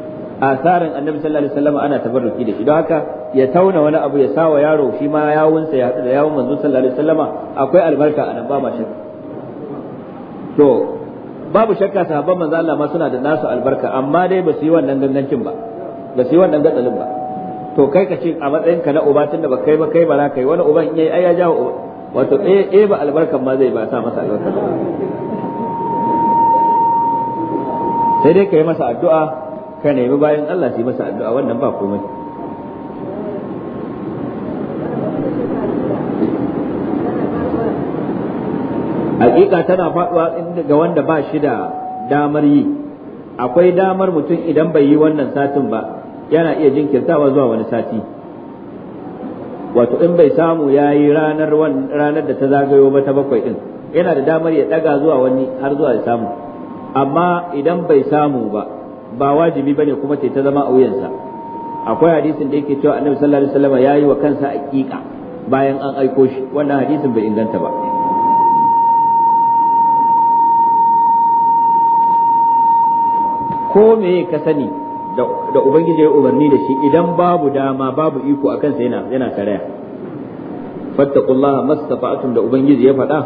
[SPEAKER 3] asarin annabi sallallahu alaihi wasallam ana tabarruki da shi don haka ya tauna wani abu ya sawa yaro shi ma yawunsa ya hadu da yawun manzo sallallahu alaihi wasallama akwai albarka a nan ba ma shakka to babu shakka sahabban manzo Allah ma suna da nasu albarka amma dai ba su yi wannan gangancin ba ba su yi wannan gatsalin ba to kai ka ce a matsayin ka na uba tunda ba kai ba kai ba za ka yi wani uban in yayi ai ya jawo wato eh, eh ba albarkan ma zai ba sa masa albarka sai dai ka yi masa addu'a ka nemi bayan Allah su yi masa addu'a wannan ba komai hakika tana faduwa ga wanda ba shi da damar yi akwai damar mutum idan bai yi wannan satin ba yana iya jinkirtawa zuwa wani sati wato in bai samu ya yi ranar da ta zagayo ba ta bakwai din yana da damar ya daga zuwa wani har zuwa ya samu amma idan bai samu ba ba wajibi bane kuma ce ta zama a wuyansa akwai hadisin da yake cewa annabi sallallahu alaihi wasallam yayi wa kansa aqiqa bayan an aiko shi wannan hadisin bai inganta ba ko me ka sani da ubangiji ya umarni da shi idan babu dama babu iko akan sa yana yana karaya fattaqullaha mastata'tum da ubangiji ya faɗa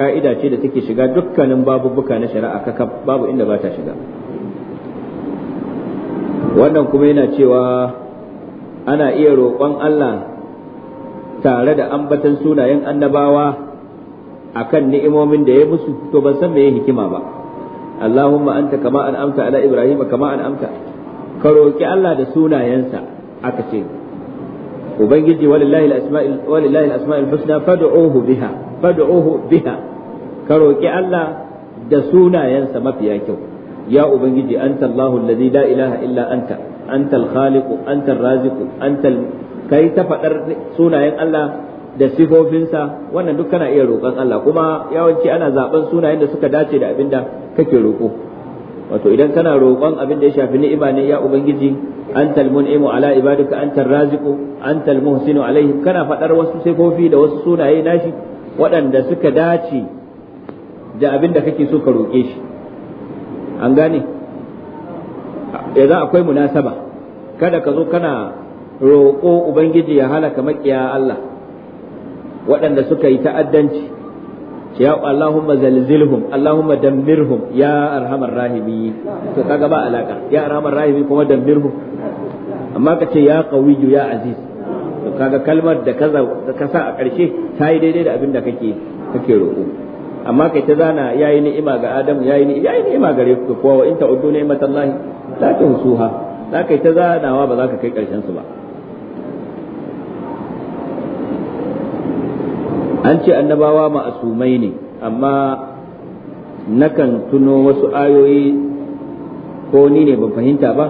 [SPEAKER 3] ka'ida ce da take shiga dukkanin babubuka na shari'a kaka babu inda ba ta shiga wannan kuma yana cewa ana iya roƙon Allah tare da ambatan sunayen annabawa akan ni'imomin da ya musu to ban san me hikima ba Allahumma anta kama amta ala ibrahima kama amta. ka roƙi Allah da sunayensa aka ce ubangiji walillahi al-asma'ul husna fad'uhu biha fad'uhu biha ka roƙi Allah da sunayensa mafiya kyau ya ubangiji anta Allahu allazi la ilaha illa anta anta al-khaliqu anta ar-raziqu anta kai ta fadar sunayen Allah da sifofinsa wannan duk kana iya roƙon Allah kuma yawanci ana zaben sunayen da suka dace da abinda kake roƙo wato idan kana roƙon abin da ya shafi ni'ima ne ya ubangiji antal mun'imu ala ibadika antar raziqu antal muhsinu Alayhi. kana fadar wasu sifofi da wasu sunaye nashi waɗanda suka dace da abin da kake so ka roƙe shi an gane za akwai munasaba kada ka zo kana roƙo ubangiji ya halaka maƙiya Allah waɗanda suka yi ta'addanci ya Allahumma zalzilhum Allahumma dammirhum ya arhamar rahimi to kaga ba alaka ya arhamar rahimi kuma dammirhum amma ka ce ya qawiyyu ya aziz to kaga kalmar da ka sa a ƙarshe ta yi daidai da abin da kake kake roƙo amma kai ta zana yayi ni'ima ga Adamu yayi yayi ni'ima gare ku kowa in ta'uddu ni'matallahi la tuhsuha za kai ta zanawa ba za ka kai ƙarshen su ba an ce annabawa ma'asumai ne amma nakan tuno wasu ayoyi ko ni ne ban fahimta ba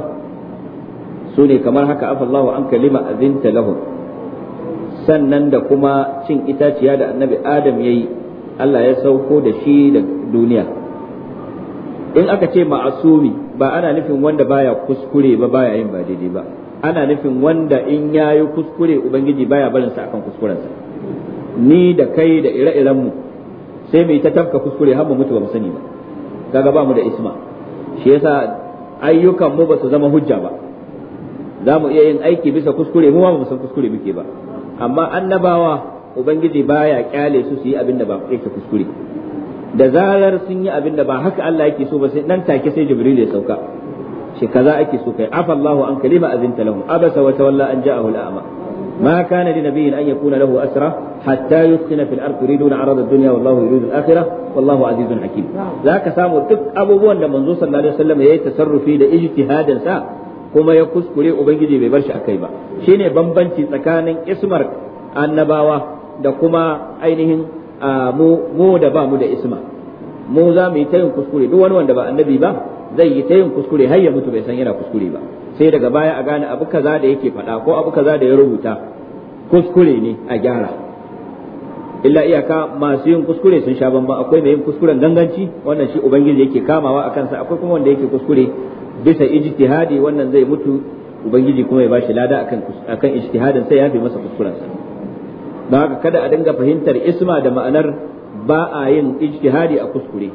[SPEAKER 3] su ne kamar haka afallahu an kalima azinta lahum sannan da kuma cin itaciya da annabi adam ya yi Allah ya sauko da shi da duniya in aka ce ma'asumi ba ana nufin wanda baya kuskure ba baya yin ba daidai ba ana nufin wanda in ya yi kuskure ubangiji baya barinsa akan kuskurensa ni da kai da ire-iren mu sai mu ta tafka kuskure har mu mutu ba mu sani ba kaga ba mu da isma shi yasa ayyukan mu ba su zama hujja ba za mu iya yin aiki bisa kuskure mu ba mu san kuskure muke ba amma annabawa ubangiji baya kyale su su yi abin da ba yake kuskure da zarar sun yi abin da ba haka Allah yake so ba sai nan take sai jibril ya sauka shi kaza ake so kai afallahu an kalima azinta lahu abasa wa tawalla an ja'ahu al'ama ما كان لنبي أن يكون له أسرى حتى يسكن في الأرض يريدون عرض الدنيا والله يريد الآخرة والله عزيز حكيم ذاك سامو تك أبو بوان لمنزو صلى الله عليه وسلم يتصرف في اجتهادا سا kuma ya kuskure ubangiji bai bar shi a kai ba shi ne bambanci tsakanin ismar annabawa da kuma ainihin mu da ba mu da isma mu za mu yi ta yin kuskure duk wani wanda ba annabi ba zai yi ta yin kuskure har ya mutu bai san yana kuskure ba sai daga baya a gane abu kaza da yake faɗa ko abu kaza da ya rubuta kuskure ne a gyara illa iyaka masu yin kuskure sun sha bamba akwai mai yin kuskuren ganganci wannan shi ubangiji yake kamawa a kansa akwai kuma wanda yake kuskure bisa ijtihadi wannan zai mutu ubangiji kuma ya bashi lada akan akan ijtihadin sai ya bi masa kuskurensa don haka kada a dinga fahimtar isma da ma'anar ba a yin ijtihadi a kuskure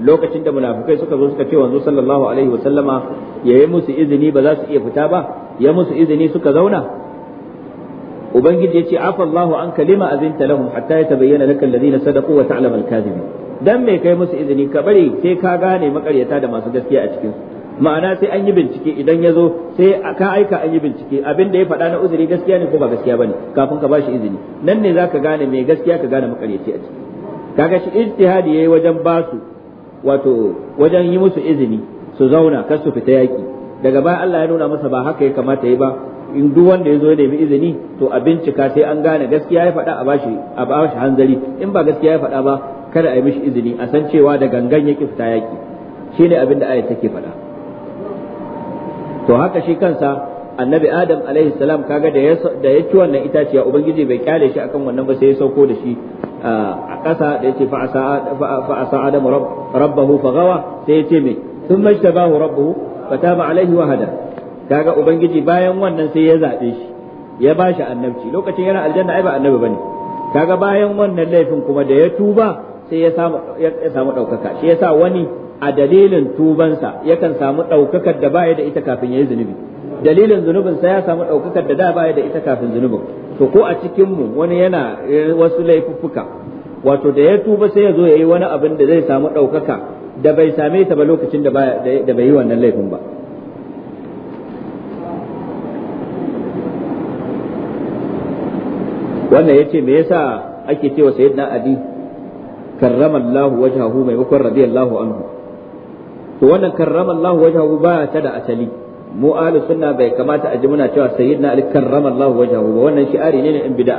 [SPEAKER 3] lokacin da munafukai suka zo suka ce wanzu sallallahu alaihi wa sallama yi musu izini ba za su iya fita ba ya musu izini suka zauna ubangiji ya ce afallahu an kalima azinta lahum hatta yatabayyana lakal ladina sadaqu wa ta'lamu al-kadhibin dan me kai musu izini ka bari sai ka gane makaryata da masu gaskiya a cikin ma'ana sai an yi bincike idan ya zo sai ka aika an yi bincike abin da ya faɗa na uzuri gaskiya ne ko ba gaskiya bane kafin ka bashi izini nan ne zaka gane me gaskiya ka gane makaryaci a ciki kaga shi ijtihadi yayi wajen basu wato wajen yi musu izini su zauna kar su fita yaki daga baya Allah ya nuna masa ba haka ya kamata yi ba in duk wanda ya zo ya nemi izini to a bincika sai an gane gaskiya ya faɗa a bashi a bashi hanzari in ba gaskiya ya faɗa ba kada a yi mishi izini a san cewa da gangan ya yake fita yaki shine abin da ayat take faɗa to haka shi kansa annabi adam alaihi salam kaga da ya da ya ci wannan itaciya ubangiji bai kyale shi akan wannan ba sai ya sauko da shi a ƙasa da ya fa fa’asa adamu rabbahu fa gawa sai yace me rabbahu ijtabahu ta ba alaihi wa hada kaga ubangiji bayan wannan sai ya zaɓe shi ya ba shi annabci lokacin yana aljanna ai ba annabi bane kaga bayan wannan laifin kuma da ya tuba sai ya samu ya samu ya shi wani a dalilin tubansa yakan samu ɗaukakar da baya da ita kafin ya yi zunubi dalilin zunubinsa ya samu ɗaukakar da da baya da ita kafin zunubin to ko a cikin mu wani yana wasu laifuffuka wato da ya tuba sai ya zo ya yi wani abin da zai samu ɗaukaka da bai same ta ba lokacin da bai yi wannan laifin ba wannan yace me yasa ake cewa sayyidina adi karrama Allah wajhahu maimakon radiyallahu anhu to wannan karrama Allah wajhahu ba ta da asali mu ahlus sunna bai kamata a ji muna cewa sayyidina ali karramallahu wajhahu ba wannan shi'ari ne na in bid'a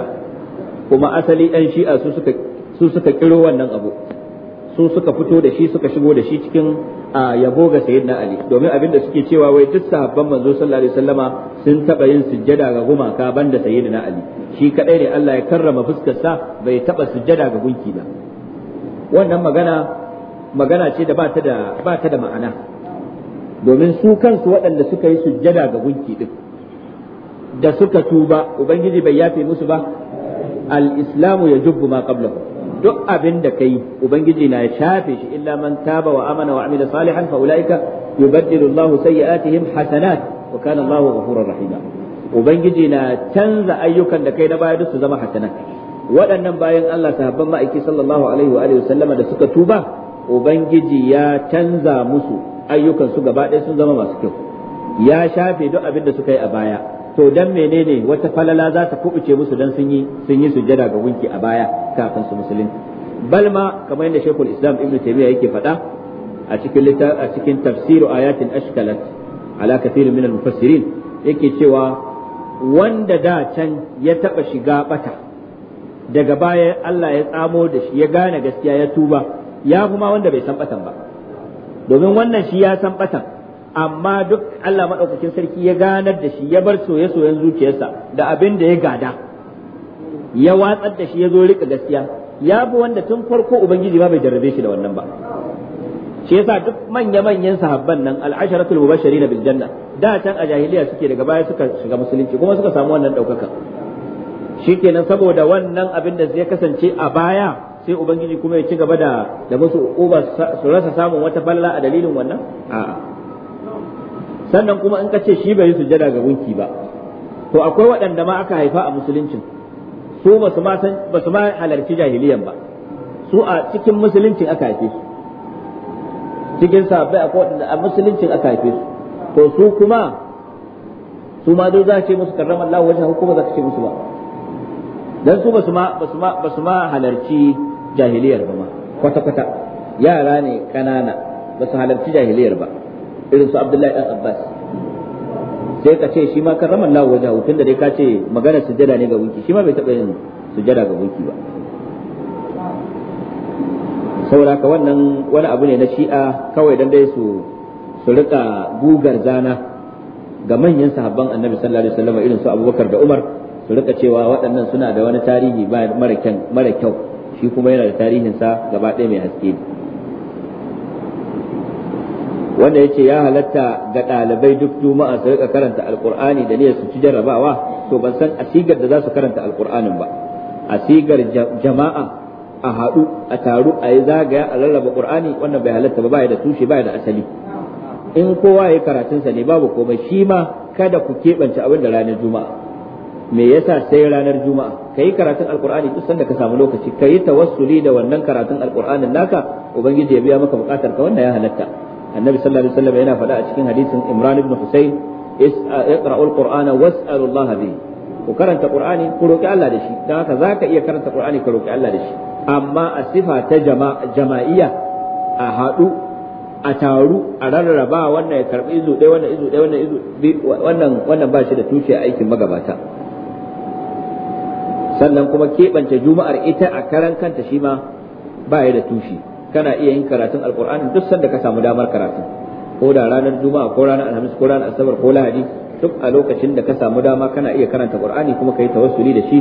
[SPEAKER 3] kuma asali yan shi'a su suka su suka kiro wannan abu su suka fito da shi suka shigo da shi cikin a yabo ga sayyidina ali domin abin da suke cewa wai duk sahabban manzo sallallahu alaihi wasallama sun taba yin sujjada ga gumaka banda sayyidina ali shi kadai ne Allah ya karrama fuskar sa bai taba sujjada ga gunki ba wannan magana magana ce da ba ta da ba ta da ma'ana domin su kansu waɗanda suka yi sujjada ga gunki din da suka tuba ubangiji bai yafe musu ba al-islamu yajubbu ma qablahu duk abin da kai ubangiji na shafe shi illa man taba wa amana wa amila salihan fa ulaika yubaddilu Allahu sayyi'atihim hasanat wa kana Allahu ghafurur rahima ubangiji na canza ayyukan da kai na baya duk su zama hasanat waɗannan bayan Allah sahabban ma'aiki sallallahu alaihi wa alihi da suka tuba ubangiji ya canza musu ayyukan su gaba ɗaya sun zama masu kyau ya shafe duk abin da suka yi a baya to dan menene wata falala za ta kubuce musu dan sun yi sun yi sujjada ga gunki a baya kafin su musulunci balma kamar yadda shekul islam ibnu Taymiyyah yake faɗa a cikin a cikin tafsiru ayatin ashkalat ala kathirin min al-mufassirin yake cewa wanda da can ya taba shiga bata daga baya Allah ya tsamo da shi ya gane gaskiya ya tuba ya kuma wanda bai san batan ba domin wannan shi ya san batan amma duk Allah maɗaukakin sarki ya ganar da shi ya bar soye-soyen zuciyarsa da abin da ya gada ya watsar da shi ya zo rika gaskiya ya bi wanda tun farko ubangiji ba bai jarrabe shi da wannan ba shi yasa duk manya-manyan sahabban nan al'asharatul mubashirin bil janna da can a jahiliya suke daga baya suka shiga musulunci kuma suka samu wannan daukaka kenan saboda wannan abin da zai kasance a baya sai ubangiji kuma ya ci gaba da da musu uba su rasa samun wata falla a dalilin wannan a'a sannan kuma in ka ce shi bai yi sujjada ga gunki ba to akwai waɗanda ma aka haifa a musuluncin su ba su ma san ba su ma halarci jahiliyan ba su a cikin musuluncin aka haife su cikin sabai akwai waɗanda a musuluncin aka haife su to su kuma su ma duk za ce musu Allah wajen kuma za ka ce musu ba dan su basu ma basu ma basu ma halarci jahiliyar ba ma kwata-kwata yara ne kanana ba su halarci jahiliyar ba irin su abdullahi dan abbas sai ka ce shi ma kan raman lawo wajen hutun da dai ka ce magana sujada ne ga gunki shi ma bai taɓa yin sujada ga gunki ba saboda ka wannan wani abu ne na shi'a kawai dan dai su su rika gugar zana ga manyan sahabban annabi sallallahu alaihi wasallam irin su abubakar da umar su rika cewa waɗannan suna da wani tarihi mara kyau shi kuma yana da tarihinsa gaba ɗaya mai haske wanda ya ce ya halatta ga ɗalibai duk juma'a su rika karanta alkur'ani da niyyar su ci jarrabawa to ban san asigar da za su karanta alkur'anin ba asigar jama'a a haɗu a taru a yi zagaya a lallaba qur'ani wannan bai halatta ba bai da tushe bai da asali in kowa ya karatunsa ne babu komai shi ma kada ku keɓance abin da ranar juma'a me yasa sai ranar juma'a kai karatun alqur'ani duk sanda ka samu lokaci kai tawassuli da wannan karatun alqur'anin naka ubangiji ya biya maka bukatar ka wannan ya halatta annabi sallallahu alaihi wasallam yana faɗa a cikin hadisin imran ibn husayn iqra'u alqur'ana was'alu allaha bi ku karanta qur'ani ku roki Allah da shi dan haka zaka iya karanta qur'ani ka roki Allah da shi amma a sifa ta jama'iyya a haɗu a taru a rarraba wannan ya karbi izu ɗaya wannan izu ɗaya wannan izu wannan wannan ba shi da tushe a aikin magabata sannan kuma keɓance juma'ar ita a karan kanta shi ma ba da tushi kana iya yin karatun Alƙur'ani duk sanda ka samu damar karatu ko da ranar juma'a ko ranar alhamis ko ranar asabar ko lahadi duk a lokacin da ka samu dama kana iya karanta qur'ani kuma ka kai tawassuli da shi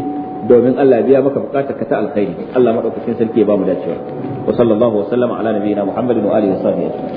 [SPEAKER 3] domin Allah biya maka bukatar ka ta alkhairi Allah madaukakin sarki ya ba mu dacewa wa sallallahu wa sallama ala nabiyina muhammadin wa alihi wa sahbihi